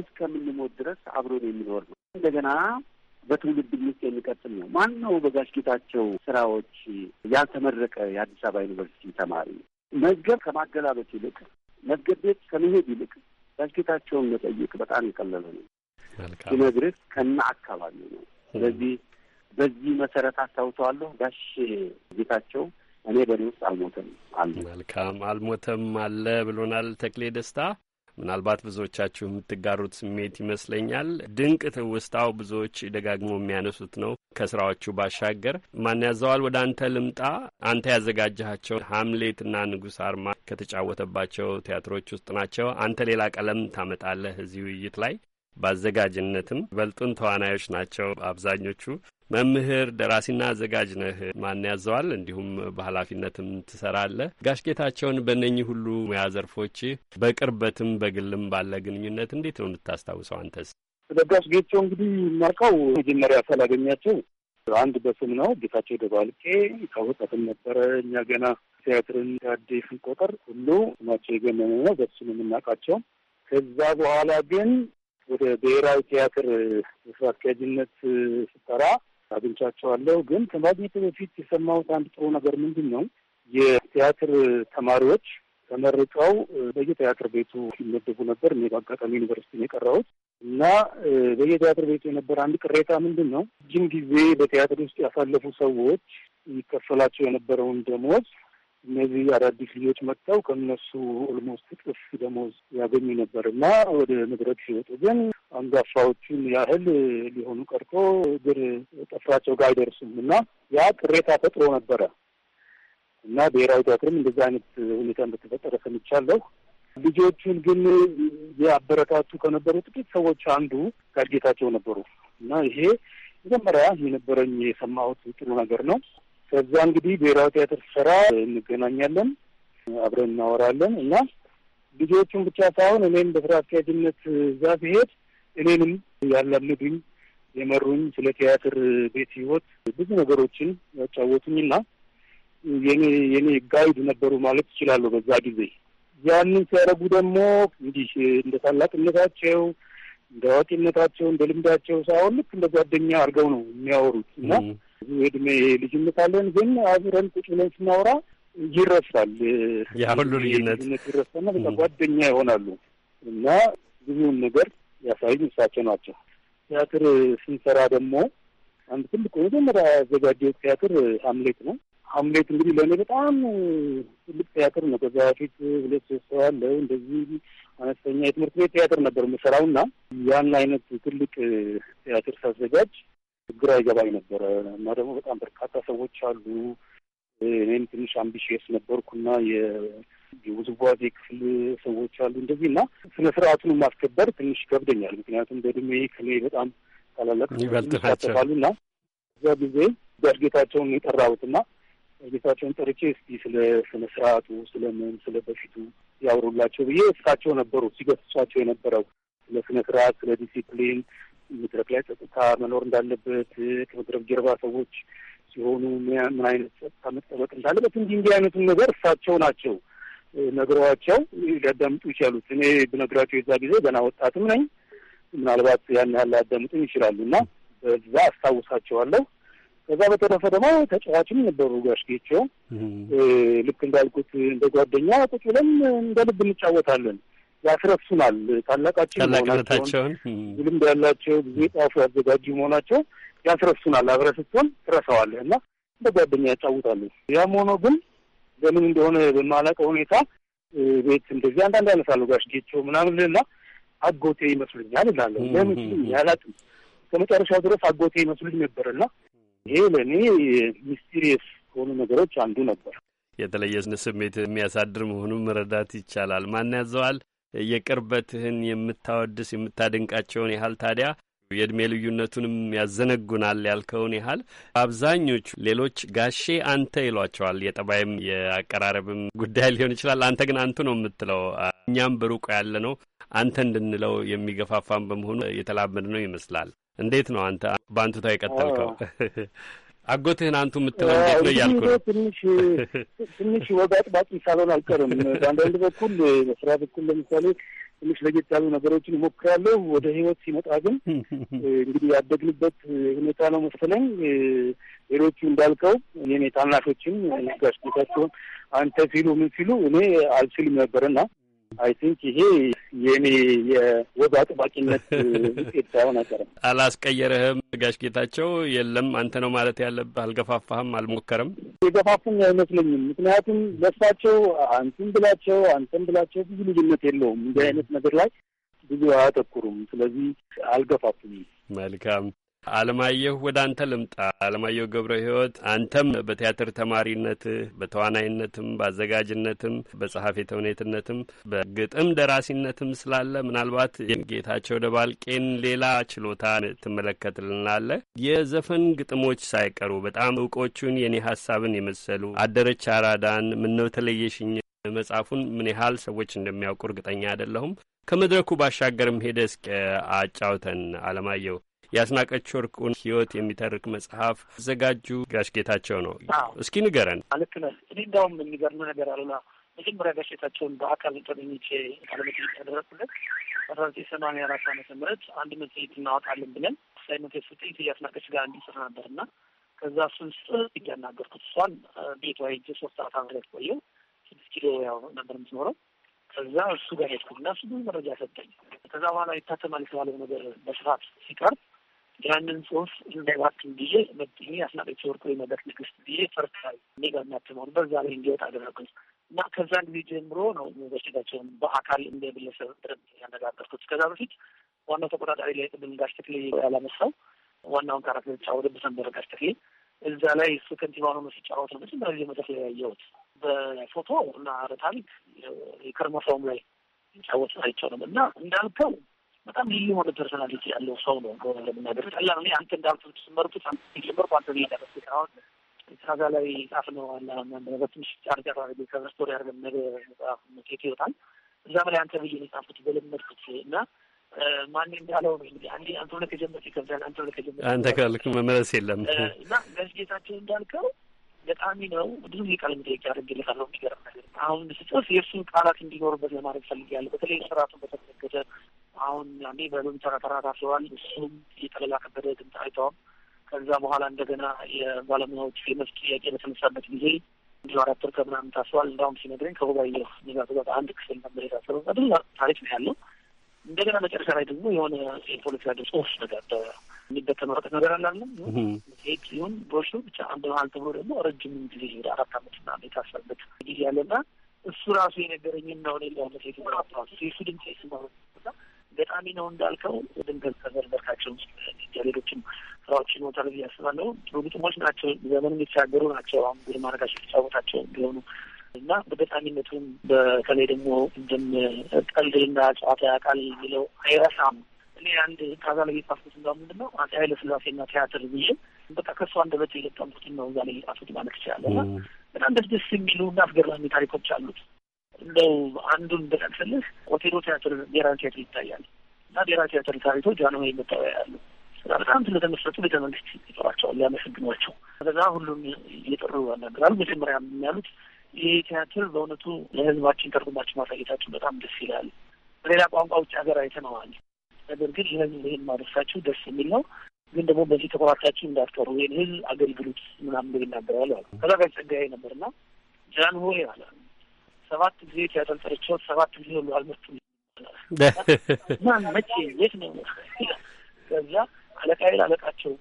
እስከምንሞት ድረስ አብሮን የሚኖር ነው። እንደገና በትውልድ ውስጥ የሚቀጥል ነው። ማን ነው በጋሽ ጌታቸው ስራዎች ያልተመረቀ የአዲስ አበባ ዩኒቨርሲቲ ተማሪ? መዝገብ ከማገላበት ይልቅ መዝገብ ቤት ከመሄድ ይልቅ ጋሽ ጌታቸውን መጠየቅ በጣም የቀለለ ነው። ሲነግርህ ከና አካባቢ ነው። ስለዚህ በዚህ መሰረት አስታውሰዋለሁ ጋሽ ጌታቸው
እኔ በእኔ ውስጥ አልሞተም አለ። መልካም አልሞተም አለ ብሎናል ተክሌ ደስታ። ምናልባት ብዙዎቻችሁ የምትጋሩት ስሜት ይመስለኛል። ድንቅ ትውስታው ብዙዎች ደጋግሞ የሚያነሱት ነው። ከስራዎቹ ባሻገር ማን ያዘዋል ወደ አንተ ልምጣ አንተ ያዘጋጀሃቸው ሀምሌትና ንጉሥ አርማ ከተጫወተባቸው ቲያትሮች ውስጥ ናቸው። አንተ ሌላ ቀለም ታመጣለህ እዚህ ውይይት ላይ በአዘጋጅነትም በልጡን ተዋናዮች ናቸው አብዛኞቹ። መምህር፣ ደራሲና አዘጋጅ ነህ። ማን ያዘዋል? እንዲሁም በሀላፊነትም ትሰራለህ። ጋሽ ጌታቸውን በእነኚህ ሁሉ ሙያ ዘርፎች በቅርበትም በግልም ባለ ግንኙነት እንዴት ነው የምታስታውሰው አንተስ?
ስለ ጋሽ ጌታቸው እንግዲህ የማውቀው መጀመሪያ ስላገኛቸው አንድ በስም ነው ጌታቸው ደባልቄ ከወጣትም ነበረ እኛ ገና ቲያትርን ዳዴ ስንቆጠር ሁሉ ስማቸው የገነነ ነው። በሱ ነው የምናውቃቸው። ከዛ በኋላ ግን ወደ ብሔራዊ ቲያትር ስራ አስኪያጅነት ስጠራ አግኝቻቸዋለሁ። ግን ከማግኘት በፊት የሰማሁት አንድ ጥሩ ነገር ምንድን ነው የቲያትር ተማሪዎች ተመርቀው በየቲያትር ቤቱ ይመደቡ ነበር። እኔ በአጋጣሚ ዩኒቨርሲቲ ነው የቀረሁት እና በየቲያትር ቤቱ የነበረ አንድ ቅሬታ ምንድን ነው፣ ረጅም ጊዜ በቲያትር ውስጥ ያሳለፉ ሰዎች ይከፈላቸው የነበረውን ደሞዝ እነዚህ አዳዲስ ልጆች መጥተው ከነሱ ኦልሞስት እጥፍ ደሞዝ ያገኙ ነበር እና ወደ ንብረት ሲወጡ ግን አንጋፋዎቹን ያህል ሊሆኑ ቀርቶ እግር ጠፍራቸው ጋር አይደርሱም እና ያ ቅሬታ ፈጥሮ ነበረ እና ብሔራዊ ቲያትርም እንደዚህ አይነት ሁኔታ እንደተፈጠረ ሰምቻለሁ። ልጆቹን ግን የአበረታቱ ከነበሩ ጥቂት ሰዎች አንዱ ጋጌታቸው ነበሩ እና ይሄ መጀመሪያ የነበረኝ የሰማሁት ጥሩ ነገር ነው። ከዛ እንግዲህ ብሔራዊ ቲያትር ስራ እንገናኛለን፣ አብረን እናወራለን እና ልጆቹን ብቻ ሳይሆን እኔም በስራ አስኪያጅነት እዛ ሲሄድ እኔንም ያላምዱኝ የመሩኝ ስለ ቲያትር ቤት ህይወት ብዙ ነገሮችን ያጫወቱኝና የኔ የኔ ጋይድ ነበሩ ማለት ይችላለሁ። በዛ ጊዜ ያንን ሲያደርጉ ደግሞ እንዲህ እንደ ታላቅነታቸው እንደ አዋቂነታቸው እንደ ልምዳቸው ሳይሆን ልክ እንደ ጓደኛ አድርገው ነው የሚያወሩት እና እድሜ ልዩነት አለን፣ ግን አብረን ቁጭ ብለን ስናወራ ይረሳል። ያ ሁሉ ልዩነት ይረሳና በቃ ጓደኛ ይሆናሉ እና ብዙውን ነገር ያሳዩኝ እሳቸው ናቸው። ቲያትር ስንሰራ ደግሞ አንድ ትልቁ መጀመሪያ ያዘጋጀው ቲያትር ሀምሌት ነው። ሀምሌት እንግዲህ ለእኔ በጣም ትልቅ ቲያትር ነው። ከዚያ በፊት ሁለት ሶስት ሰው አለው እንደዚህ አነስተኛ የትምህርት ቤት ቲያትር ነበር የምሰራው እና ያን አይነት ትልቅ ቲያትር ሳዘጋጅ ግራ ይገባኝ ነበረ እና ደግሞ በጣም በርካታ ሰዎች አሉ። እኔም ትንሽ አምቢሽየስ ነበርኩና የውዝዋዜ ክፍል ሰዎች አሉ እንደዚህ እና ስነ ስርዓቱን ማስከበር ትንሽ ከብደኛል። ምክንያቱም በእድሜ ከኔ በጣም ታላላቅ ይሳተፋሉ እና እዛ ጊዜ ጋሽ ጌታቸውን የጠራሁትና ጌታቸውን ጠርቼ እስቲ ስለ ስነ ስርዓቱ ስለምን ስለ በፊቱ ያውሩላቸው ብዬ እሳቸው ነበሩ ሲገስጿቸው የነበረው ስለ ስነ ስርዓት፣ ስለ ዲሲፕሊን መድረክ ላይ ጸጥታ መኖር እንዳለበት ከመድረክ ጀርባ ሰዎች ሲሆኑ ምን አይነት ጸጥታ መጠበቅ እንዳለበት እንዲህ እንዲህ አይነቱን ነገር እሳቸው ናቸው ነግረዋቸው ሊያዳምጡ ይቻሉት። እኔ ብነግራቸው የዛ ጊዜ ገና ወጣትም ነኝ ምናልባት ያን ያህል ሊያዳምጡኝ ይችላሉ እና በዛ አስታውሳቸዋለሁ። ከዛ በተረፈ ደግሞ ተጫዋችም ነበሩ ጋሽጌቸው። ልክ እንዳልኩት እንደ ጓደኛ ቁጭ ብለን እንደ ልብ እንጫወታለን። ያስረሱናል ታላቃችን መሆናቸውን ልምድ ያላቸው ብዙ ጣፉ ያዘጋጁ መሆናቸው ያስረሱናል። አብረህ ስትሆን እና እንደ ጓደኛ ያጫውታሉ። ያም ሆኖ ግን በምን እንደሆነ በማላውቀው ሁኔታ ቤት እንደዚህ አንዳንድ ያነሳሉ ጋሽጌቸው ምናምን ልና አጎቴ ይመስሉኛል እላለሁ። ለምን ያላቅም ከመጨረሻው ድረስ አጎቴ ይመስሉኝ ነበርና ይሄ ለእኔ ሚስቴሪየስ ከሆኑ ነገሮች አንዱ ነበር።
የተለየ ስሜት የሚያሳድር መሆኑን መረዳት ይቻላል። ማን ያዘዋል? የቅርበትህን የምታወድስ የምታደንቃቸውን ያህል ታዲያ የእድሜ ልዩነቱንም ያዘነጉናል ያልከውን ያህል አብዛኞቹ ሌሎች ጋሼ አንተ ይሏቸዋል። የጠባይም የአቀራረብም ጉዳይ ሊሆን ይችላል። አንተ ግን አንቱ ነው የምትለው። እኛም በሩቁ ያለ ነው አንተ እንድንለው የሚገፋፋም በመሆኑ የተላመድ ነው ይመስላል። እንዴት ነው አንተ በአንቱታ የቀጠልከው? አጎትህን አንቱ የምትለው እንዴት ነው እያልኩ ነው።
ትንሽ ትንሽ ወግ አጥባቂ ሳልሆን አልቀርም። በአንዳንድ በኩል በስራ በኩል ለምሳሌ ትንሽ ለጌት ያሉ ነገሮችን እሞክራለሁ። ወደ ህይወት ሲመጣ ግን እንግዲህ ያደግንበት ሁኔታ ነው መሰለኝ። ሌሎቹ እንዳልከው የኔ ታናሾችም ጋሽ ጌታቸውን አንተ ሲሉ ምን ሲሉ እኔ አልችልም ነበርና አይ ቲንክ ይሄ የኔ የወግ አጥባቂነት ውጤት ሳይሆን አይቀርም።
አላስቀየረህም ጋሽ ጌታቸው? የለም አንተ ነው ማለት ያለብህ። አልገፋፋህም? አልሞከረም?
የገፋፉኝ አይመስለኝም። ምክንያቱም ለሳቸው አንቱም ብላቸው አንተም ብላቸው ብዙ ልዩነት የለውም። እንዲህ አይነት ነገር ላይ ብዙ አያተኩሩም። ስለዚህ አልገፋፉኝም።
መልካም አለማየሁ ወደ አንተ ልምጣ። አለማየሁ ገብረ ህይወት አንተም በቲያትር ተማሪነት በተዋናይነትም በአዘጋጅነትም በጸሐፌ ተውኔትነትም በግጥም ደራሲነትም ስላለ ምናልባት ጌታቸው ደባልቄን ሌላ ችሎታ ትመለከትልናለ። የዘፈን ግጥሞች ሳይቀሩ በጣም እውቆቹን የኔ ሀሳብን የመሰሉ አደረች አራዳን፣ ምነው ተለየሽኝ መጽሐፉን ምን ያህል ሰዎች እንደሚያውቁ እርግጠኛ አይደለሁም። ከመድረኩ ባሻገርም ሄደ እስከ አጫውተን አለማየሁ የአስናቀች ወርቁን ህይወት የሚተርክ መጽሐፍ አዘጋጁ ጋሽ ጌታቸው ነው። እስኪ ንገረን።
ልክ ነህ። እኔ እንዳውም የሚገርምህ ነገር አለና መጀመሪያ ጋሽ ጌታቸውን በአካል ተገኝቼ ቃለመጠይቅ ያደረግኩለት አስራ ዘጠኝ ሰማንያ አራት ዓመተ ምህረት አንድ መጽሔት እናወጣለን ብለን ሳይመት የስጠኝ ትያስናቀች ጋር እንዲሰራ ነበር እና ከዛ እሱን ስጥ እያናገርኩት እሷን ቤቷ ሄጄ ሶስት ሰዓት አብሬያት ቆየሁ። ስድስት ኪሎ ያው ነበር የምትኖረው። ከዛ እሱ ጋር ሄድኩ እና እሱ ብዙ መረጃ ሰጠኝ። ከዛ በኋላ ይታተማል የተባለው ነገር በስፋት ሲቀርብ ያንን ጽሁፍ እንዳይባክን ብዬ መጥኜ አስናቀች ወርቁ የመድረክ ንግስት ብዬ ፈርታል እኔ ጋር እናትመሆን በዛ ላይ እንዲወጣ አደረግኩ እና ከዛን ጊዜ ጀምሮ ነው ዩኒቨርሲቲቸውን በአካል እንደ ግለሰብ ድረግ ያነጋገርኩት። ከዛ በፊት ዋናው ተቆጣጣሪ ላይ ቅድም ጋሽ ተክሌ ያላነሳው ዋናውን ካራት የተጫወተው በሰንበረ ጋሽ ተክሌ እዛ ላይ እሱ ከንቲባ ሆኖ ሲጫወት ነው መጀመሪያ ጊዜ መድረክ ላይ ያየሁት። በፎቶ እና ታሪክ የከርሞ ሰውም ላይ ሲጫወት አይቼው ነው እና እንዳልከው በጣም ልዩ ሆነ ፐርሶናሊቲ ያለው ሰው ነው። ሆነ ለምናገር ቀላል አንተ እንዳልኩት ስመርኩት አንተ ጀመርኩ አንተ ላቀስ ሁን ሳዛ ላይ ጻፍ ነው ዋና ነገር ትንሽ ጫርጫ አድርጌ ከቨር ስቶሪ መጽሐፍ መጽሔት ይወጣል። እዛ በላይ አንተ ብዬ የጻፉት በለመድኩት እና ማን እንዳለው ነው እንግዲህ አንዴ አንተ ሆነ ከጀመር ይከብዳል። አንተ ሆነ ከጀመር አንተ ከልክ
መመለስ የለም
እና ጋዜጣችን እንዳልከው ገጣሚ ነው። ብዙ የቃል መጠየቅ አድርጌለታለሁ። የሚገርም ነገር አሁን ስጽፍ የእሱን ቃላት እንዲኖርበት ለማድረግ ፈልጌያለሁ። በተለይ ስርዓቱን በተመለከተ አሁን ያኔ በህመም ተረተራ ታስሯል። እሱም የጠለላ ከበደ ድምፅ አይተውም። ከዛ በኋላ እንደገና የባለሙያዎች የመብት ጥያቄ በተነሳበት ጊዜ እንዲሁ አራት ወር ከምናምን ታስሯል። እንዳሁም ሲነግረኝ ከጉባኤ ንጋቱ ጋር አንድ ክፍል ነበር የታሰረው። ብዙ ታሪክ ነው ያለው። እንደገና መጨረሻ ላይ ደግሞ የሆነ የፖለቲካ ጽሁፍ ነገር የሚበተን ወረቀት ነገር አላለም ሄድ ሲሆን ብሮሹ ብቻ አንድ መሀል ተብሎ ደግሞ ረጅም ጊዜ ሄደ አራት አመት ና የታሰርበት ጊዜ ያለና እሱ ራሱ የነገረኝ እናሆን ሌላ ሴቱ ራሱ ሴቱ ድምጽ ስማ ገጣሚ ነው እንዳልከው ድንገት ከዘርበርካቸው ውስጥ ሌሎችም ስራዎች ይኖታል ብዬ አስባለሁ። ጥሩ ግጥሞች ናቸው። ዘመንም የተሻገሩ ናቸው። አሁን ግርማ ነጋሽ የተጫወታቸው ቢሆኑ እና በገጣሚነቱም በተለይ ደግሞ እንደም ቀልድና ጨዋታ ያውቃል የሚለው አይረሳም። እኔ አንድ ታዛ ላይ የጻፍኩት እንዳ ምንድን ነው አጼ ኃይለ ስላሴና ቲያትር ብዬ በቃ ከእሱ አንደበት የለጠምኩትን ነው እዛ ላይ የጻፍኩት ማለት ይችላለ። እና በጣም ደስ ደስ የሚሉ እና አስገራሚ ታሪኮች አሉት። እንደው አንዱን ብጠቅስልህ ኦቴሎ ቲያትር ብሔራዊ ቲያትር ይታያል እና ብሔራዊ ቲያትር ታሪቶ ጃንሆይ መታወያ ያሉ በጣም ስለተመሰጡ ቤተ መንግስት ይጠሯቸዋል ሊያመሰግኗቸው። በዛ ሁሉም እየጠሩ ያናግራሉ። መጀመሪያ የሚያሉት ይህ ቲያትር በእውነቱ ለህዝባችን ተርጉማችን ማሳየታችን በጣም ደስ ይላል። በሌላ ቋንቋ ውጭ ሀገር አይተነዋል። ነገር ግን ይህን ይህን ማድረሳችሁ ደስ የሚል ነው። ግን ደግሞ በዚህ ተኮራታችሁ እንዳትቀሩ ይህን ህዝብ አገልግሎት ምናምን ብናገራሉ አሉ። ከዛ ጋር ጸጋዬ ነበርና ጃንሆይ አለ ሰባት ጊዜ ቲያትር ጠርቼው ሰባት ጊዜ ሁሉ አልመጡም። መቼ የት ነው? ከዚያ አለቃዬ አለቃቸው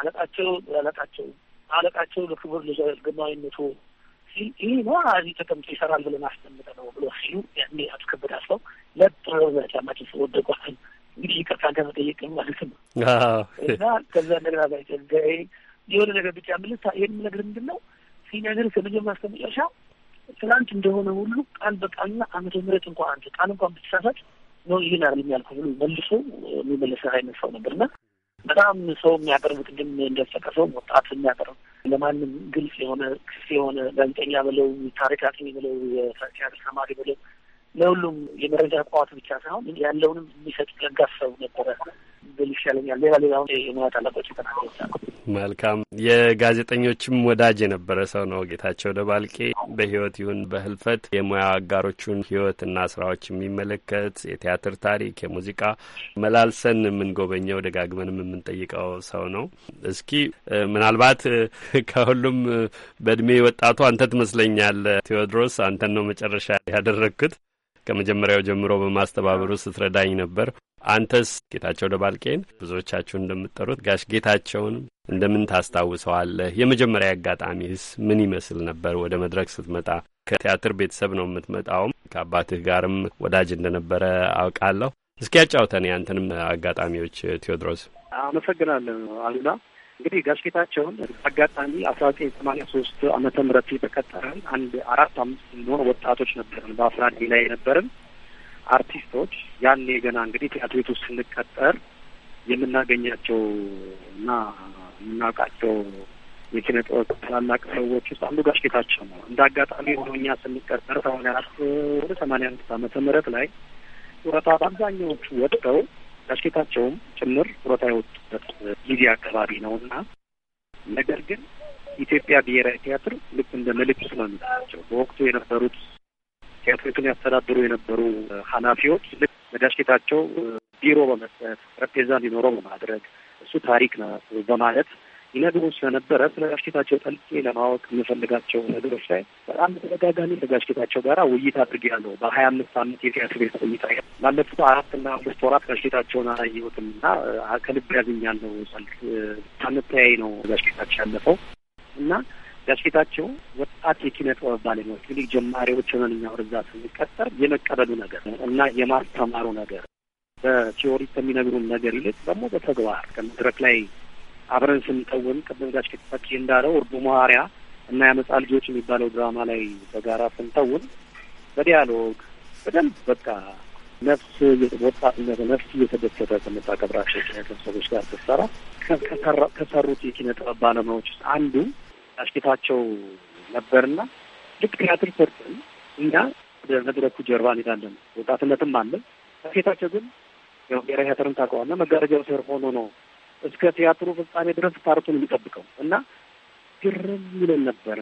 አለቃቸው አለቃቸው አለቃቸው ለክቡር ልጅ ግማዊነቱ ይህ ነ እዚህ ተቀምጦ ይሰራል ብለን አስጠምጠ ነው ብሎ ሲሉ ያኔ አቶ ከበደ አስፋው ለጥ ጫማችን ስለወደቋል እንግዲህ ይቅርታ ከመጠየቅ ማለት ነው። እና ከዛ ነገር ላይ ጸጋዬ የሆነ ነገር ብቻ ምልታ ይህን ነገር ምንድን ነው ሲነግር ከመጀመሪያ እስከ መጨረሻ ትናንት እንደሆነ ሁሉ ቃል በቃልና አመተ ምህረት እንኳን አንተ ቃል እንኳን ብትሳሳት ነው ይህን አይደለም ያልኩህ ብሎ መልሶ የሚመለስህ አይነት ሰው ነበር እና በጣም ሰው የሚያቀርብ ቅድም እንደተጠቀሰው ወጣት የሚያቀርብ ለማንም ግልጽ የሆነ ክስ የሆነ ጋዜጠኛ በለው ታሪክ አጥኚ በለው የቲያትር ተማሪ በለው ለሁሉም የመረጃ ቋት ብቻ ሳይሆን ያለውንም የሚሰጥ ለጋስ ሰው ነበረ። ብል ይሻለኛል። ሌላ ሌላ ሙያት አለባቸው ተናገቻ
መልካም የጋዜጠኞችም ወዳጅ የነበረ ሰው ነው ጌታቸው ደባልቄ። በህይወት ይሁን በህልፈት የሙያ አጋሮቹን ህይወትና ስራዎች የሚመለከት የቲያትር ታሪክ፣ የሙዚቃ መላልሰን የምንጎበኘው ደጋግመን የምንጠይቀው ሰው ነው። እስኪ ምናልባት ከሁሉም በእድሜ ወጣቱ አንተ ትመስለኛለህ ቴዎድሮስ፣ አንተን ነው መጨረሻ ያደረግኩት። ከመጀመሪያው ጀምሮ በማስተባበሩ ስትረዳኝ ነበር። አንተስ ጌታቸው ደባልቄን ብዙዎቻችሁ እንደምትጠሩት ጋሽ ጌታቸውን እንደምን ታስታውሰዋለህ? የመጀመሪያ አጋጣሚህስ ምን ይመስል ነበር? ወደ መድረክ ስትመጣ ከቲያትር ቤተሰብ ነው የምትመጣውም፣ ከአባትህ ጋርም ወዳጅ እንደነበረ አውቃለሁ። እስኪ ያጫውተን ያንተንም አጋጣሚዎች ቴዎድሮስ።
አመሰግናለሁ አሉላ። እንግዲህ ጋሽ ጌታቸውን አጋጣሚ አስራ ዘጠኝ ሰማንያ ሶስት አመተ ምህረት በቀጠረን አንድ አራት አምስት የሚሆን ወጣቶች ነበርን በአስራ አንድ ላይ ነበርን አርቲስቶች ያኔ ገና እንግዲህ ቲያትር ቤት ውስጥ ስንቀጠር የምናገኛቸው እና የምናውቃቸው የኪነ ጥበብ ታላላቅ ሰዎች ውስጥ አንዱ ጋሽ ጌታቸው ነው። እንደ አጋጣሚ ሆኖ እኛ ስንቀጠር ሰማንያ አራት ወደ ሰማንያ አምስት ዓመተ ምህረት ላይ ጡረታ በአብዛኛዎቹ ወጥተው ጋሽ ጌታቸውም ጭምር ጡረታ የወጡበት ጊዜ አካባቢ ነው እና ነገር ግን ኢትዮጵያ ብሔራዊ ቲያትር ልክ እንደ መልእክት ነው በወቅቱ የነበሩት ቲያትሪቱን ያስተዳድሩ የነበሩ ኃላፊዎች ልክ ነጋሽ ጌታቸው ቢሮ በመስጠት ጠረጴዛ እንዲኖረው በማድረግ እሱ ታሪክ ነው በማለት ይነግሩ ስለነበረ ስለ ነጋሽ ጌታቸው ጠልቄ ለማወቅ የምፈልጋቸው ነገሮች ላይ በጣም በተደጋጋሚ ነጋሽ ጌታቸው ጋር ውይይት አድርጌያለሁ። በሀያ አምስት አመት የቲያትር ቤት ቆይታ ላለፉት አራትና አምስት ወራት ነጋሽ ጌታቸውን አላየሁትም እና ከልብ ያገኛለሁ ሳልክ ሳንተያይ ነው ነጋሽ ጌታቸው ያለፈው እና ያስጌታቸው ወጣት የኪነ ጥበብ ባለሙያዎች እንግዲህ ጀማሪዎች ሆነን እኛ ወደዛ ስንቀጠር የመቀበሉ ነገር እና የማስተማሩ ነገር በቲዎሪ ከሚነግሩን ነገር ይልቅ ደግሞ በተግባር ከመድረክ ላይ አብረን ስንጠውን ቅድም ጋሽ ከተፈቂ እንዳለው እርዱ መሀሪያ እና ያመጻ ልጆች የሚባለው ድራማ ላይ በጋራ ስንጠውን በዲያሎግ በደንብ በቃ ነፍስ ወጣትነት ነፍስ እየተደሰተ ከምታከብራቸው የኪነ ጥበብ ሰዎች ጋር ስትሰራ ከሰሩት የኪነ ጥበብ ባለሙያዎች ውስጥ አንዱ አስጌታቸው ነበርና ልክ ቲያትር ሰርተን እኛ ወደ መድረኩ ጀርባ እንሄዳለን። ወጣትነትም አለ። አስጌታቸው ግን ያው ብሔራዊ ቲያትርን ታውቀዋለህ። መጋረጃው ስር ሆኖ ነው እስከ ቲያትሩ ፍጻሜ ድረስ ፓርቱን የሚጠብቀው እና ግርም ይለን ነበር።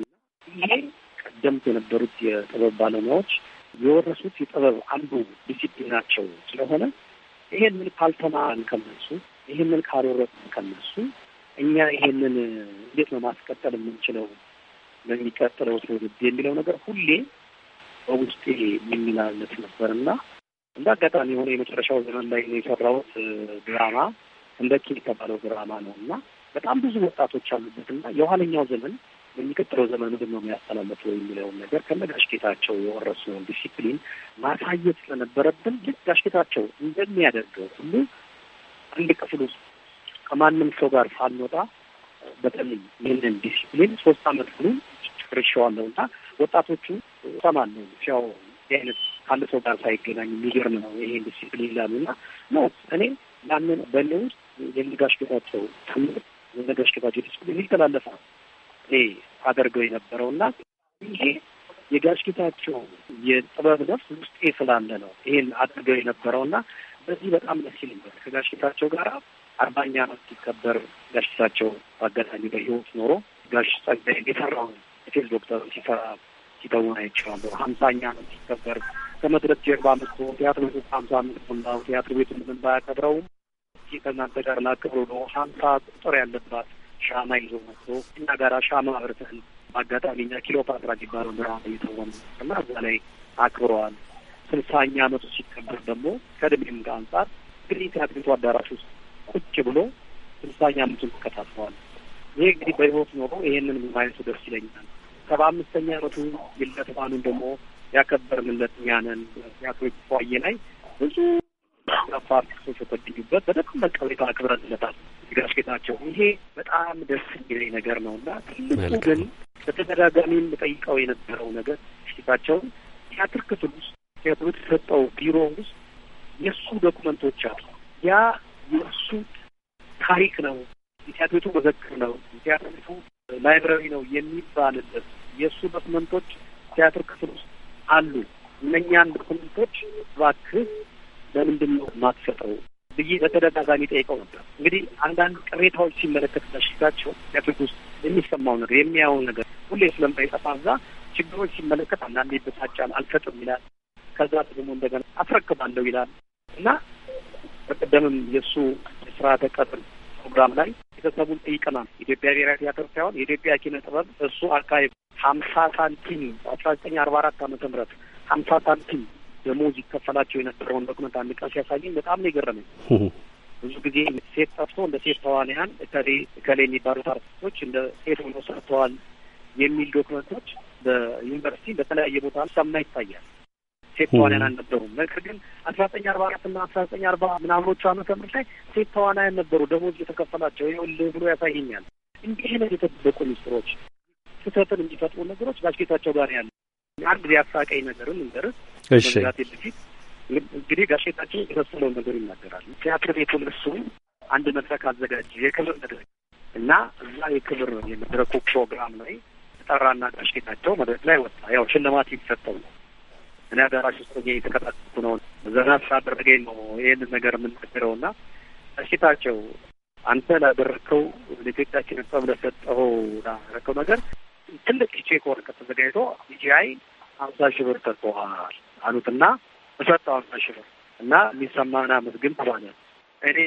ይሄ ቀደምት የነበሩት የጥበብ ባለሙያዎች የወረሱት የጥበብ አንዱ ዲሲፕሊናቸው ስለሆነ ይሄንን ካልተማርን ከነሱ ምን ካልወረስን ከነሱ እኛ ይሄንን እንዴት ነው ማስቀጠል የምንችለው በሚቀጥለው ትውልድ የሚለው ነገር ሁሌ በውስጤ የሚላለት ነበር እና እንደ አጋጣሚ የሆነ የመጨረሻው ዘመን ላይ ነው የሰራሁት ድራማ እንደ ኬ የተባለው ድራማ ነው እና በጣም ብዙ ወጣቶች አሉበት እና የኋለኛው ዘመን የሚቀጥለው ዘመን ምንድን ነው የሚያስተላልፈው የሚለውን ነገር ከነጋሽ ጌታቸው የወረስነውን ዲሲፕሊን ማሳየት ስለነበረብን ልክ ጋሽ ጌታቸው እንደሚያደርገው ሁሉ አንድ ክፍል ውስጥ ከማንም ሰው ጋር ሳንወጣ በተለይ ይህንን ዲሲፕሊን ሶስት አመት ሙሉ ጨርሼዋለሁ እና ወጣቶቹ ሰማለሁ ሲያው አይነት ከአንድ ሰው ጋር ሳይገናኝ የሚገርም ነው ይሄ ዲሲፕሊን ይላሉ እና ነው እኔ ያንን በእኔ ውስጥ የነጋሽ ጌታቸው ትምህርት የነጋሽ ጌታቸው ዲሲፕሊን ይተላለፍ እኔ አደርገው የነበረው እና ይሄ የጋሽ ጌታቸው የጥበብ ነፍስ ውስጤ ስላለ ነው ይሄን አድርገው የነበረው እና በዚህ በጣም ደስ ይለኛል ከጋሽ ጌታቸው ጋር አርባኛ ዓመት ሲከበር ጋሽ እሳቸው በአጋጣሚ በህይወት ኖሮ ጋሽ ጸጋዬ የሰራውን ፌስ ዶክተር ሲሰራ ሲተውን አይቼዋለሁ። ሀምሳኛ ዓመት ሲከበር ከመድረክ ጀርባ መስቶ ቲያትር ቤቱ ሀምሳ ዓመት ቡላው ቲያትር ቤቱ ምንም ባያከብረውም ከእናንተ ጋር ላክብሮ ነው ሀምሳ ቁጥር ያለባት ሻማ ይዞ መጥቶ እኛ ጋራ ሻማ አብርተን በአጋጣሚ እኛ ኪሎፓትራ የሚባለው ድራማ እየተወነ እና እዛ ላይ አክብረዋል። ስልሳኛ ዓመቱ ሲከበር ደግሞ ከእድሜም ጋር አንጻር እንግዲህ ቲያትር ቤቱ አዳራሽ ውስጥ ቁጭ ብሎ ስልሳኛ ዓመቱን ተከታትለዋል። ይህ እንግዲህ በህይወት ኖሮ ይሄንን ማየቱ ደስ ይለኛል። ሰባ አምስተኛ አመቱ ልደት በዓሉን ደግሞ ያከበርንለት ያንን የአቶች ፏዬ ላይ ብዙ ፓርቲሶች የተገኙበት በደንብ ሁኔታ አክብረንለታል። ጋሽ ጌታቸው ይሄ በጣም ደስ የሚለኝ ነገር ነው እና ትልቁ ግን በተደጋጋሚ ጠይቀው የነበረው ነገር ሽታቸውን ቲያትር ክፍል ውስጥ ቲያትሩ የተሰጠው ቢሮ ውስጥ የእሱ ዶኩመንቶች አሉ ያ የእሱ ታሪክ ነው፣ የቲያትር ቤቱ መዘክር ነው፣ የቲያትር ቤቱ ላይብረሪ ነው የሚባልበት የእሱ ዶክመንቶች ቲያትር ክፍል ውስጥ አሉ። እነኛን ዶክመንቶች እባክህ ለምንድን ነው የማትሰጠው ብዬ በተደጋጋሚ ጠይቀው ነበር። እንግዲህ አንዳንድ ቅሬታዎች ሲመለከት በሽታቸው ቲያትር ውስጥ የሚሰማው ነገር የሚያየው ነገር ሁሌ ስለማይጠፋ እዛ ችግሮች ሲመለከት አንዳንዴ ይበሳጫል፣ አልሰጥም ይላል። ከዛ ደግሞ እንደገና አስረክባለሁ ይላል እና በቀደምም የእሱ የስርዓተ ቀጥል ፕሮግራም ላይ ቤተሰቡን ጠይቀናል። ኢትዮጵያ ብሔራዊ ቲያትር ሳይሆን የኢትዮጵያ ኪነ ጥበብ እሱ አካባቢ ሀምሳ ሳንቲም አስራ ዘጠኝ አርባ አራት አመተ ምህረት ሀምሳ ሳንቲም ደሞዝ ይከፈላቸው የነበረውን ዶክመንት አንድ ቀን ሲያሳየኝ በጣም ነው የገረመኝ። ብዙ ጊዜ ሴት ጠፍቶ እንደ ሴት ተዋንያን እከሌ እከሌ የሚባሉት አርቲስቶች እንደ ሴት ሆኖ ሰርተዋል የሚል ዶክመንቶች በዩኒቨርሲቲ በተለያየ ቦታ ሰማ ይታያል። ሴት ተዋናያን አልነበሩም። ነገር ግን አስራ ዘጠኝ አርባ አራት ና አስራ ዘጠኝ አርባ ምናምኖቹ አመተ ምህረት ላይ ሴት ተዋንያን ነበሩ ደሞዝ እየተከፈላቸው ይኸውልህ ብሎ ያሳየኛል። እንዲህ አይነት የተደበቁ ሚስጥሮች፣ ስህተትን እንዲፈጥሩ ነገሮች ባልጌታቸው ጋር ያለ አንድ ጊዜ አሳቀኝ ነገርም እንገርስ መጋቴ በፊት እንግዲህ ጋሼታችን የመሰለውን ነገር ይናገራል። ቲያትር ቤቱን እሱ አንድ መድረክ አዘጋጅ የክብር መድረክ እና እዛ የክብር የመድረኩ ፕሮግራም ላይ ጠራና ጋሼታቸው መድረክ ላይ ወጣ። ያው ሽልማት ይሰጠው ነው እኔ አዳራሽ ውስጥ ሆኜ የተከታተልኩ ነው። ዘና ስላደረገኝ ነው ይህንን ነገር የምንነገረው እና አሽታቸው አንተ ላደረግከው ለኢትዮጵያችን ጸብ ለሰጠኸው ላደረግከው ነገር ትልቅ ቼክ ወረቀት ተዘጋጅቶ ጂአይ ሀምሳ ሺህ ብር ሰጥተዋል አሉትና እሰጠው ሀምሳ ሺህ ብር እና የሚሰማህን አመስግን ተባለ። እኔ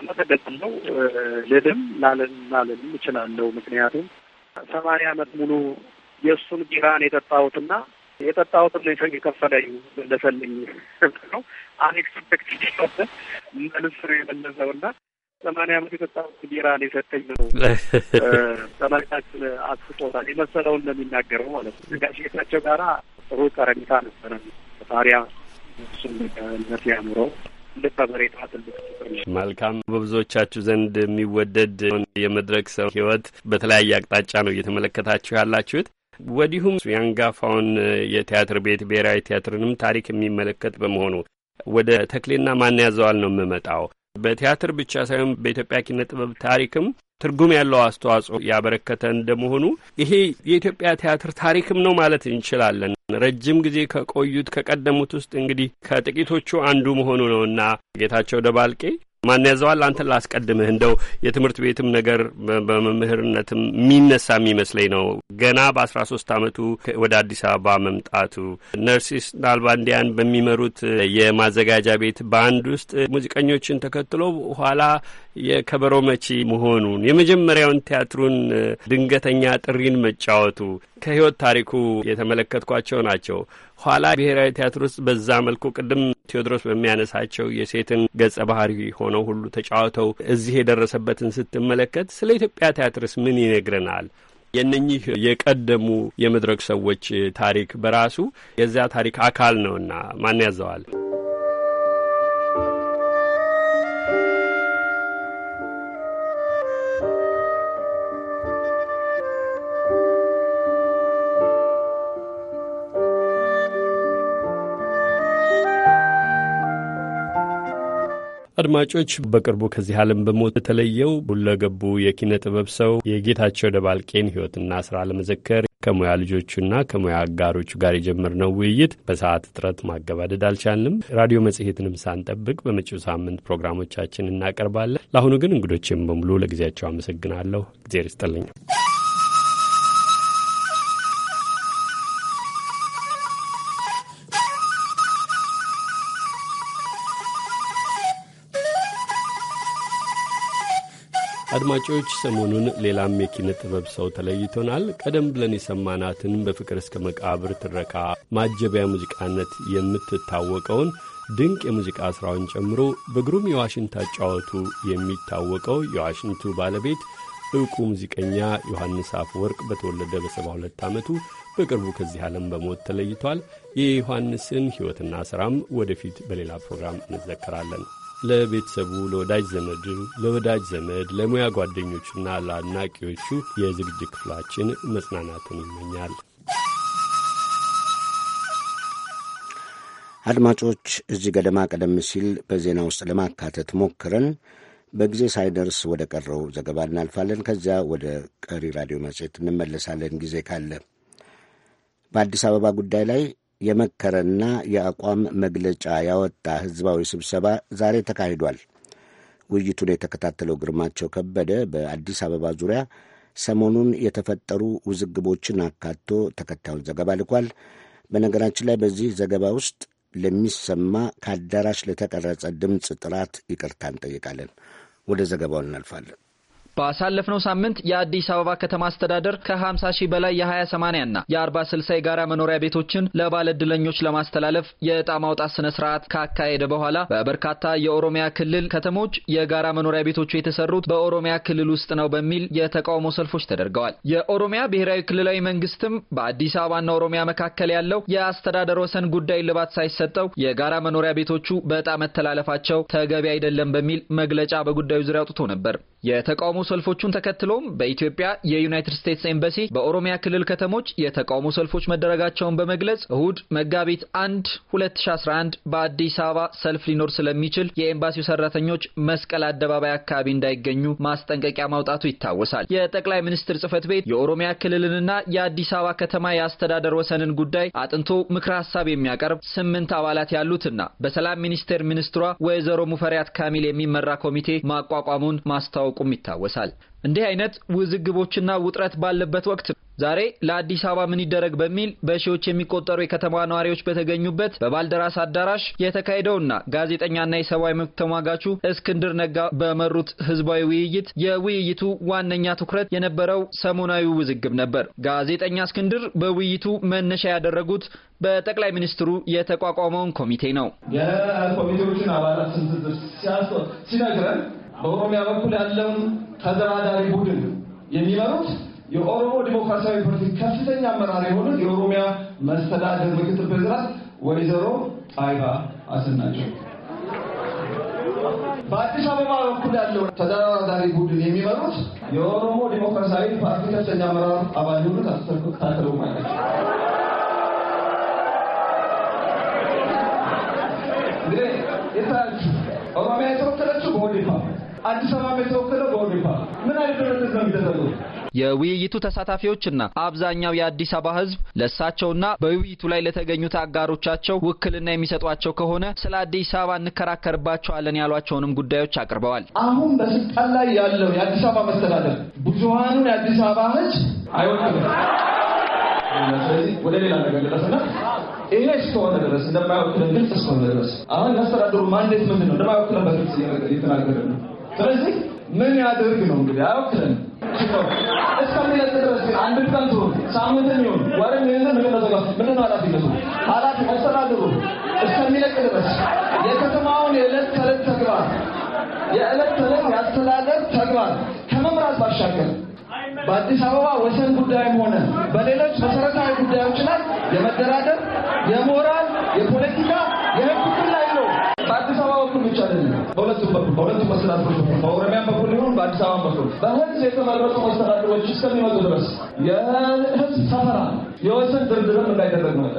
አመሰግናለሁ ልልም ላለንም እችላለሁ። ምክንያቱም ሰማንያ አመት ሙሉ የእሱን ቢራን የጠጣሁትና የጠጣሁትን ነው የከፈለኝ መለሰልኝ ነው አንኤክስፔክትድ የሆነ መልስ ነው የመለሰው እና ሰማንያ ዓመት የጠጣሁት ቢራ ነው የሰጠኝ ነው ጠመቃችን አስቆታል የመሰለውን እንደሚናገረው ማለት ነው። ጋሽ ጌታቸው ጋራ ጥሩ ቀረሚታ ነበረ። ታሪያ እሱም ነት ያኑረው
መልካም በብዙዎቻችሁ ዘንድ የሚወደድ የመድረክ ሰው ህይወት በተለያየ አቅጣጫ ነው እየተመለከታችሁ ያላችሁት። ወዲሁም የአንጋፋውን የቲያትር ቤት ብሔራዊ ቲያትርንም ታሪክ የሚመለከት በመሆኑ ወደ ተክሌና ማን ያዘዋል ነው የምመጣው። በቲያትር ብቻ ሳይሆን በኢትዮጵያ ኪነ ጥበብ ታሪክም ትርጉም ያለው አስተዋጽኦ ያበረከተ እንደመሆኑ ይሄ የኢትዮጵያ ቲያትር ታሪክም ነው ማለት እንችላለን። ረጅም ጊዜ ከቆዩት ከቀደሙት ውስጥ እንግዲህ ከጥቂቶቹ አንዱ መሆኑ ነውና ጌታቸው ደባልቄ ማን ያዘዋል? አንተን ላስቀድምህ እንደው የትምህርት ቤትም ነገር በመምህርነትም የሚነሳ የሚመስለኝ ነው። ገና በአስራ ሶስት አመቱ ወደ አዲስ አበባ መምጣቱ ነርሲስ ናልባንዲያን በሚመሩት የማዘጋጃ ቤት በአንድ ውስጥ ሙዚቀኞችን ተከትሎ ኋላ የከበሮ መቺ መሆኑን የመጀመሪያውን ቲያትሩን ድንገተኛ ጥሪን መጫወቱ ከህይወት ታሪኩ የተመለከትኳቸው ናቸው። ኋላ ብሔራዊ ቲያትር ውስጥ በዛ መልኩ ቅድም ቴዎድሮስ በሚያነሳቸው የሴትን ገጸ ባህሪ ሆነው ሁሉ ተጫውተው እዚህ የደረሰበትን ስትመለከት ስለ ኢትዮጵያ ቲያትርስ ምን ይነግረናል? የእነኚህ የቀደሙ የመድረክ ሰዎች ታሪክ በራሱ የዚያ ታሪክ አካል ነውና ማን ያዘዋል? አድማጮች በቅርቡ ከዚህ ዓለም በሞት የተለየው ሁለገቡ የኪነ ጥበብ ሰው የጌታቸው ደባልቄን ሕይወትና ሥራ ለመዘከር ከሙያ ልጆቹና ከሙያ አጋሮቹ ጋር የጀመርነው ውይይት በሰዓት እጥረት ማገባደድ አልቻልንም። ራዲዮ መጽሔትንም ሳንጠብቅ በመጪው ሳምንት ፕሮግራሞቻችን እናቀርባለን። ለአሁኑ ግን እንግዶችም በሙሉ ለጊዜያቸው አመሰግናለሁ። እግዜር ይስጥልኝ። አድማጮች፣ ሰሞኑን ሌላም የኪነ ጥበብ ሰው ተለይቶናል። ቀደም ብለን የሰማናትን በፍቅር እስከ መቃብር ትረካ ማጀቢያ ሙዚቃነት የምትታወቀውን ድንቅ የሙዚቃ ሥራውን ጨምሮ በግሩም የዋሽንት አጫወቱ የሚታወቀው የዋሽንቱ ባለቤት ዕውቁ ሙዚቀኛ ዮሐንስ አፈወርቅ በተወለደ በሰባ ሁለት ዓመቱ በቅርቡ ከዚህ ዓለም በሞት ተለይቷል። የዮሐንስን ሕይወትና ሥራም ወደፊት በሌላ ፕሮግራም እንዘከራለን። ለቤተሰቡ፣ ለወዳጅ ዘመድ፣ ለወዳጅ ዘመድ፣ ለሙያ ጓደኞቹና ለአድናቂዎቹ የዝግጅት ክፍላችን መጽናናትን ይመኛል።
አድማጮች፣ እዚህ ገደማ ቀደም ሲል በዜና ውስጥ ለማካተት ሞክረን በጊዜ ሳይደርስ ወደ ቀረው ዘገባ እናልፋለን። ከዚያ ወደ ቀሪ ራዲዮ መጽሔት እንመለሳለን ጊዜ ካለ። በአዲስ አበባ ጉዳይ ላይ የመከረና የአቋም መግለጫ ያወጣ ህዝባዊ ስብሰባ ዛሬ ተካሂዷል። ውይይቱን የተከታተለው ግርማቸው ከበደ በአዲስ አበባ ዙሪያ ሰሞኑን የተፈጠሩ ውዝግቦችን አካቶ ተከታዩን ዘገባ ልኳል። በነገራችን ላይ በዚህ ዘገባ ውስጥ ለሚሰማ ከአዳራሽ ለተቀረጸ ድምፅ ጥራት ይቅርታ እንጠይቃለን። ወደ ዘገባው እናልፋለን።
ባሳለፍነው ሳምንት የአዲስ አበባ ከተማ አስተዳደር ከ50 ሺህ በላይ የ20/80 የ40/60 የጋራ መኖሪያ ቤቶችን ለባለ እድለኞች ለማስተላለፍ የእጣ ማውጣት ስነ ስርዓት ካካሄደ በኋላ በበርካታ የኦሮሚያ ክልል ከተሞች የጋራ መኖሪያ ቤቶቹ የተሰሩት በኦሮሚያ ክልል ውስጥ ነው በሚል የተቃውሞ ሰልፎች ተደርገዋል። የኦሮሚያ ብሔራዊ ክልላዊ መንግስትም በአዲስ አበባና ኦሮሚያ መካከል ያለው የአስተዳደር ወሰን ጉዳይ ልባት ሳይሰጠው የጋራ መኖሪያ ቤቶቹ በእጣ መተላለፋቸው ተገቢ አይደለም በሚል መግለጫ በጉዳዩ ዙሪያ አውጥቶ ነበር። የተቃውሞ ሰልፎቹን ተከትሎም በኢትዮጵያ የዩናይትድ ስቴትስ ኤምባሲ በኦሮሚያ ክልል ከተሞች የተቃውሞ ሰልፎች መደረጋቸውን በመግለጽ እሁድ መጋቢት 1 2011 በአዲስ አበባ ሰልፍ ሊኖር ስለሚችል የኤምባሲው ሰራተኞች መስቀል አደባባይ አካባቢ እንዳይገኙ ማስጠንቀቂያ ማውጣቱ ይታወሳል። የጠቅላይ ሚኒስትር ጽህፈት ቤት የኦሮሚያ ክልልንና የአዲስ አበባ ከተማ የአስተዳደር ወሰንን ጉዳይ አጥንቶ ምክረ ሀሳብ የሚያቀርብ ስምንት አባላት ያሉትና በሰላም ሚኒስቴር ሚኒስትሯ ወይዘሮ ሙፈሪያት ካሚል የሚመራ ኮሚቴ ማቋቋሙን ማስታወቁም ይታወሳል። ይጠቀሳል። እንዲህ አይነት ውዝግቦችና ውጥረት ባለበት ወቅት ዛሬ ለአዲስ አበባ ምን ይደረግ በሚል በሺዎች የሚቆጠሩ የከተማ ነዋሪዎች በተገኙበት በባልደራስ አዳራሽ የተካሄደውና ጋዜጠኛና የሰብአዊ መብት ተሟጋቹ እስክንድር ነጋ በመሩት ህዝባዊ ውይይት የውይይቱ ዋነኛ ትኩረት የነበረው ሰሞናዊ ውዝግብ ነበር። ጋዜጠኛ እስክንድር በውይይቱ መነሻ ያደረጉት በጠቅላይ ሚኒስትሩ የተቋቋመውን ኮሚቴ ነው።
የኮሚቴዎችን አባላት ሲያስ ሲነግረን በኦሮሚያ በኩል ያለውን ተደራዳሪ ቡድን የሚመሩት የኦሮሞ ዲሞክራሲያዊ ፓርቲ ከፍተኛ አመራር የሆኑት የኦሮሚያ መስተዳደር ምክትል ፕሬዚዳንት ወይዘሮ ጣይባ አስናቸው በአዲስ አበባ በኩል ያለው ተደራዳሪ ቡድን የሚመሩት የኦሮሞ ዲሞክራሲያዊ ፓርቲ ከፍተኛ አመራር አባል የሆኑት ታከሉ ማለት ነው። ኦሮሚያ የተወከለችው በኦዴፓ አዲስ አበባ የተወከለው በኦዴፓ ምን አይነት ድርድር ነው የሚደረገው?
የውይይቱ ተሳታፊዎችና አብዛኛው የአዲስ አበባ ሕዝብ ለእሳቸውና በውይይቱ ላይ ለተገኙት አጋሮቻቸው ውክልና የሚሰጧቸው ከሆነ ስለ አዲስ አበባ እንከራከርባቸዋለን ያሏቸውንም ጉዳዮች አቅርበዋል።
አሁን በስልጣን ላይ ያለው የአዲስ አበባ መስተዳደር ብዙሀኑን የአዲስ አበባ ሕዝብ አይወክልም።
ስለዚህ ወደ ሌላ ነገር
ደረሰና ይሄ እስከሆነ ድረስ እንደማይወክለን ግልጽ እስከሆነ ድረስ አሁን መስተዳደሩ ማንዴት ምንድን ነው እንደማይወክለን በግልጽ እየተናገረ ነው። ስለዚህ ምን ያደርግ ነው እንግዲህ አያውቅልን እስከሚለጥ ድረስ ግን አንድ ቀን ትሆን ሳምንትም ይሁን ወርም ይህን ምን ተዘጋ ምን ነው ኃላፊነቱ ኃላፊ መስተዳድሩ እስከሚለቅ ድረስ የከተማውን የዕለት ተዕለት ተግባር የዕለት ተዕለት የአስተዳደር ተግባር ከመምራት ባሻገር በአዲስ አበባ ወሰን ጉዳይም ሆነ በሌሎች መሰረታዊ ጉዳዮች ላይ የመደራደር የሞራል የፖለቲካ የህግ በአዲስ አበባ በኩል ብቻ አይደለም፣ በሁለቱም በኩል በሁለቱም መስተዳድሮች በኩል በኦሮሚያ በኩል ይሁን በአዲስ አበባ በኩል በህዝብ የተመረጡ መስተዳድሮች እስከሚመጡ ድረስ የህዝብ ሰፈራ የወሰን ድርድርም እንዳይደረግ ነው።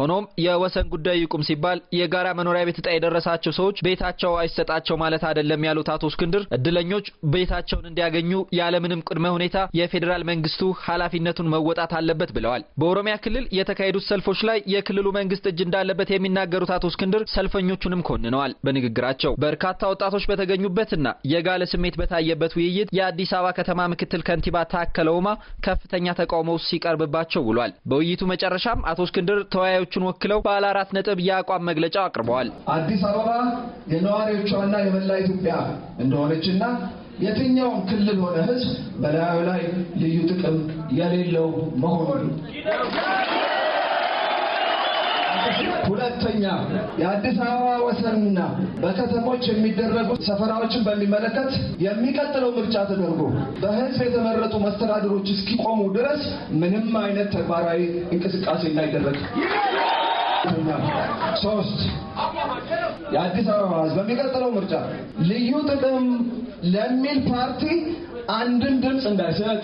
ሆኖም የወሰን ጉዳይ ይቁም ሲባል የጋራ መኖሪያ ቤት ዕጣ የደረሳቸው ሰዎች ቤታቸው አይሰጣቸው ማለት አይደለም ያሉት አቶ እስክንድር እድለኞች ቤታቸውን እንዲያገኙ ያለምንም ቅድመ ሁኔታ የፌዴራል መንግስቱ ኃላፊነቱን መወጣት አለበት ብለዋል። በኦሮሚያ ክልል የተካሄዱት ሰልፎች ላይ የክልሉ መንግስት እጅ እንዳለበት የሚናገሩት አቶ እስክንድር ሰልፈኞቹንም ኮንነዋል። በንግግራቸው በርካታ ወጣቶች በተገኙበትና የጋለ ስሜት በታየበት ውይይት የአዲስ አበባ ከተማ ምክትል ከንቲባ ታከለ ኡማ ከፍተኛ ተቃውሞ ሲቀርብባቸው ውሏል። በውይይቱ መጨረሻም አቶ እስክንድር ተወያዮች ነዋሪዎቹን ወክለው ባለ አራት ነጥብ የአቋም መግለጫ አቅርበዋል።
አዲስ አበባ የነዋሪዎቿና የመላ ኢትዮጵያ እንደሆነችና የትኛውም ክልል ሆነ ህዝብ በላዩ ላይ ልዩ ጥቅም የሌለው መሆኑን ሁለተኛ የአዲስ አበባ ወሰንና በከተሞች የሚደረጉ ሰፈራዎችን በሚመለከት የሚቀጥለው ምርጫ ተደርጎ በህዝብ የተመረጡ መስተዳድሮች እስኪቆሙ ድረስ ምንም አይነት ተግባራዊ እንቅስቃሴ እንዳይደረግ። ሶስት የአዲስ አበባ ህዝብ በሚቀጥለው ምርጫ ልዩ ጥቅም ለሚል ፓርቲ አንድን ድምፅ እንዳይሰጥ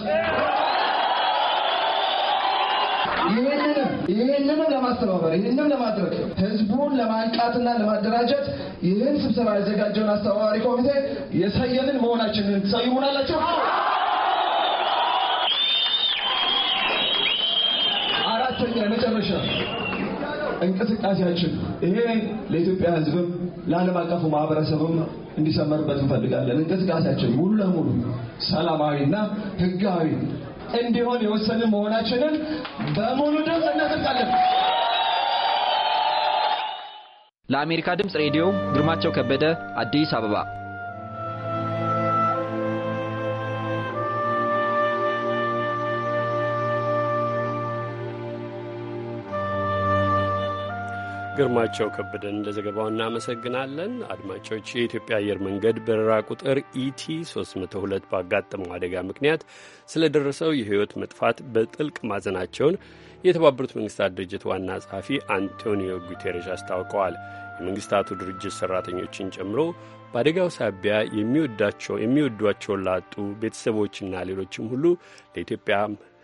ይህንንም ይህንንም ለማስተባበር ይህንም ለማድረግ ህዝቡን ለማንቃትና ለማደራጀት ይህን ስብሰባ ያዘጋጀውን አስተባባሪ ኮሚቴ የሰየምን መሆናችንን ትሰይሙናላችሁ። አራተኛ መጨረሻ እንቅስቃሴያችን ይሄ ለኢትዮጵያ ህዝብም ለዓለም አቀፉ ማህበረሰብም እንዲሰመርበት እንፈልጋለን። እንቅስቃሴያችን ሙሉ ለሙሉ ሰላማዊና ህጋዊ እንዲሆን የወሰንን መሆናችንን በሙሉ ድምፅ እናጠቃለን።
ለአሜሪካ ድምፅ ሬዲዮ ግርማቸው ከበደ አዲስ አበባ
ግርማቸው ከበደን ለዘገባው እናመሰግናለን። አድማጮች፣ የኢትዮጵያ አየር መንገድ በረራ ቁጥር ኢቲ 302 ባጋጠመው አደጋ ምክንያት ስለደረሰው የሕይወት መጥፋት በጥልቅ ማዘናቸውን የተባበሩት መንግስታት ድርጅት ዋና ጸሐፊ አንቶኒዮ ጉቴሬሽ አስታውቀዋል። የመንግስታቱ ድርጅት ሠራተኞችን ጨምሮ በአደጋው ሳቢያ የሚወዳቸው የሚወዷቸውን ላጡ ቤተሰቦችና ሌሎችም ሁሉ ለኢትዮጵያ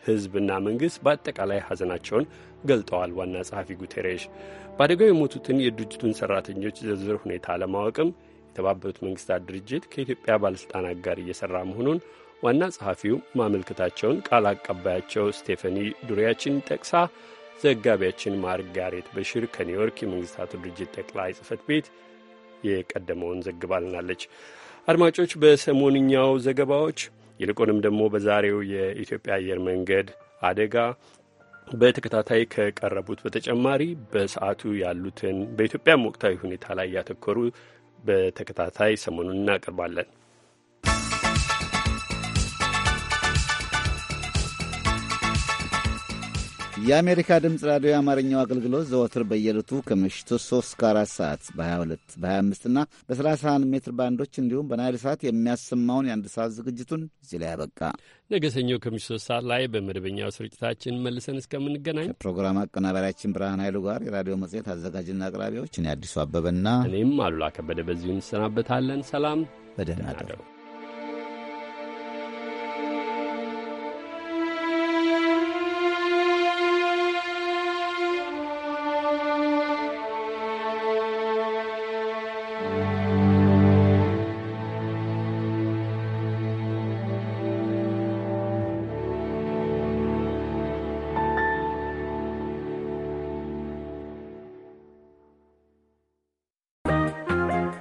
ሕዝብና መንግሥት በአጠቃላይ ሐዘናቸውን ገልጠዋል። ዋና ጸሐፊ ጉቴሬሽ በአደጋው የሞቱትን የድርጅቱን ሰራተኞች ዝርዝር ሁኔታ ለማወቅም የተባበሩት መንግስታት ድርጅት ከኢትዮጵያ ባለሥልጣናት ጋር እየሠራ መሆኑን ዋና ጸሐፊው ማመልከታቸውን ቃል አቀባያቸው ስቴፈኒ ዱሪያችን ጠቅሳ ዘጋቢያችን ማርጋሬት በሽር ከኒውዮርክ የመንግሥታቱ ድርጅት ጠቅላይ ጽህፈት ቤት የቀደመውን ዘግባልናለች። አድማጮች፣ በሰሞንኛው ዘገባዎች ይልቁንም ደግሞ በዛሬው የኢትዮጵያ አየር መንገድ አደጋ በተከታታይ ከቀረቡት በተጨማሪ በሰዓቱ ያሉትን በኢትዮጵያም ወቅታዊ ሁኔታ ላይ ያተኮሩ በተከታታይ ሰሞኑን እናቀርባለን። የአሜሪካ ድምፅ
ራዲዮ የአማርኛው አገልግሎት ዘወትር በየለቱ ከምሽቱ 3 ከ4 ሰዓት በ22 በ25 እና በ31 ሜትር ባንዶች እንዲሁም በናይል ሰዓት የሚያሰማውን የአንድ ሰዓት ዝግጅቱን እዚህ ላይ ያበቃ።
ነገ ሰኞ ከምሽቱ 3 ሰዓት ላይ በመደበኛው ስርጭታችን መልሰን እስከምንገናኝ ከፕሮግራም
አቀናባሪያችን ብርሃን ኃይሉ ጋር የራዲዮ መጽሔት አዘጋጅና አቅራቢዎች እኔ አዲሱ አበበና እኔም አሉላ ከበደ
በዚሁ እንሰናበታለን። ሰላም፣ በደህና እደሩ።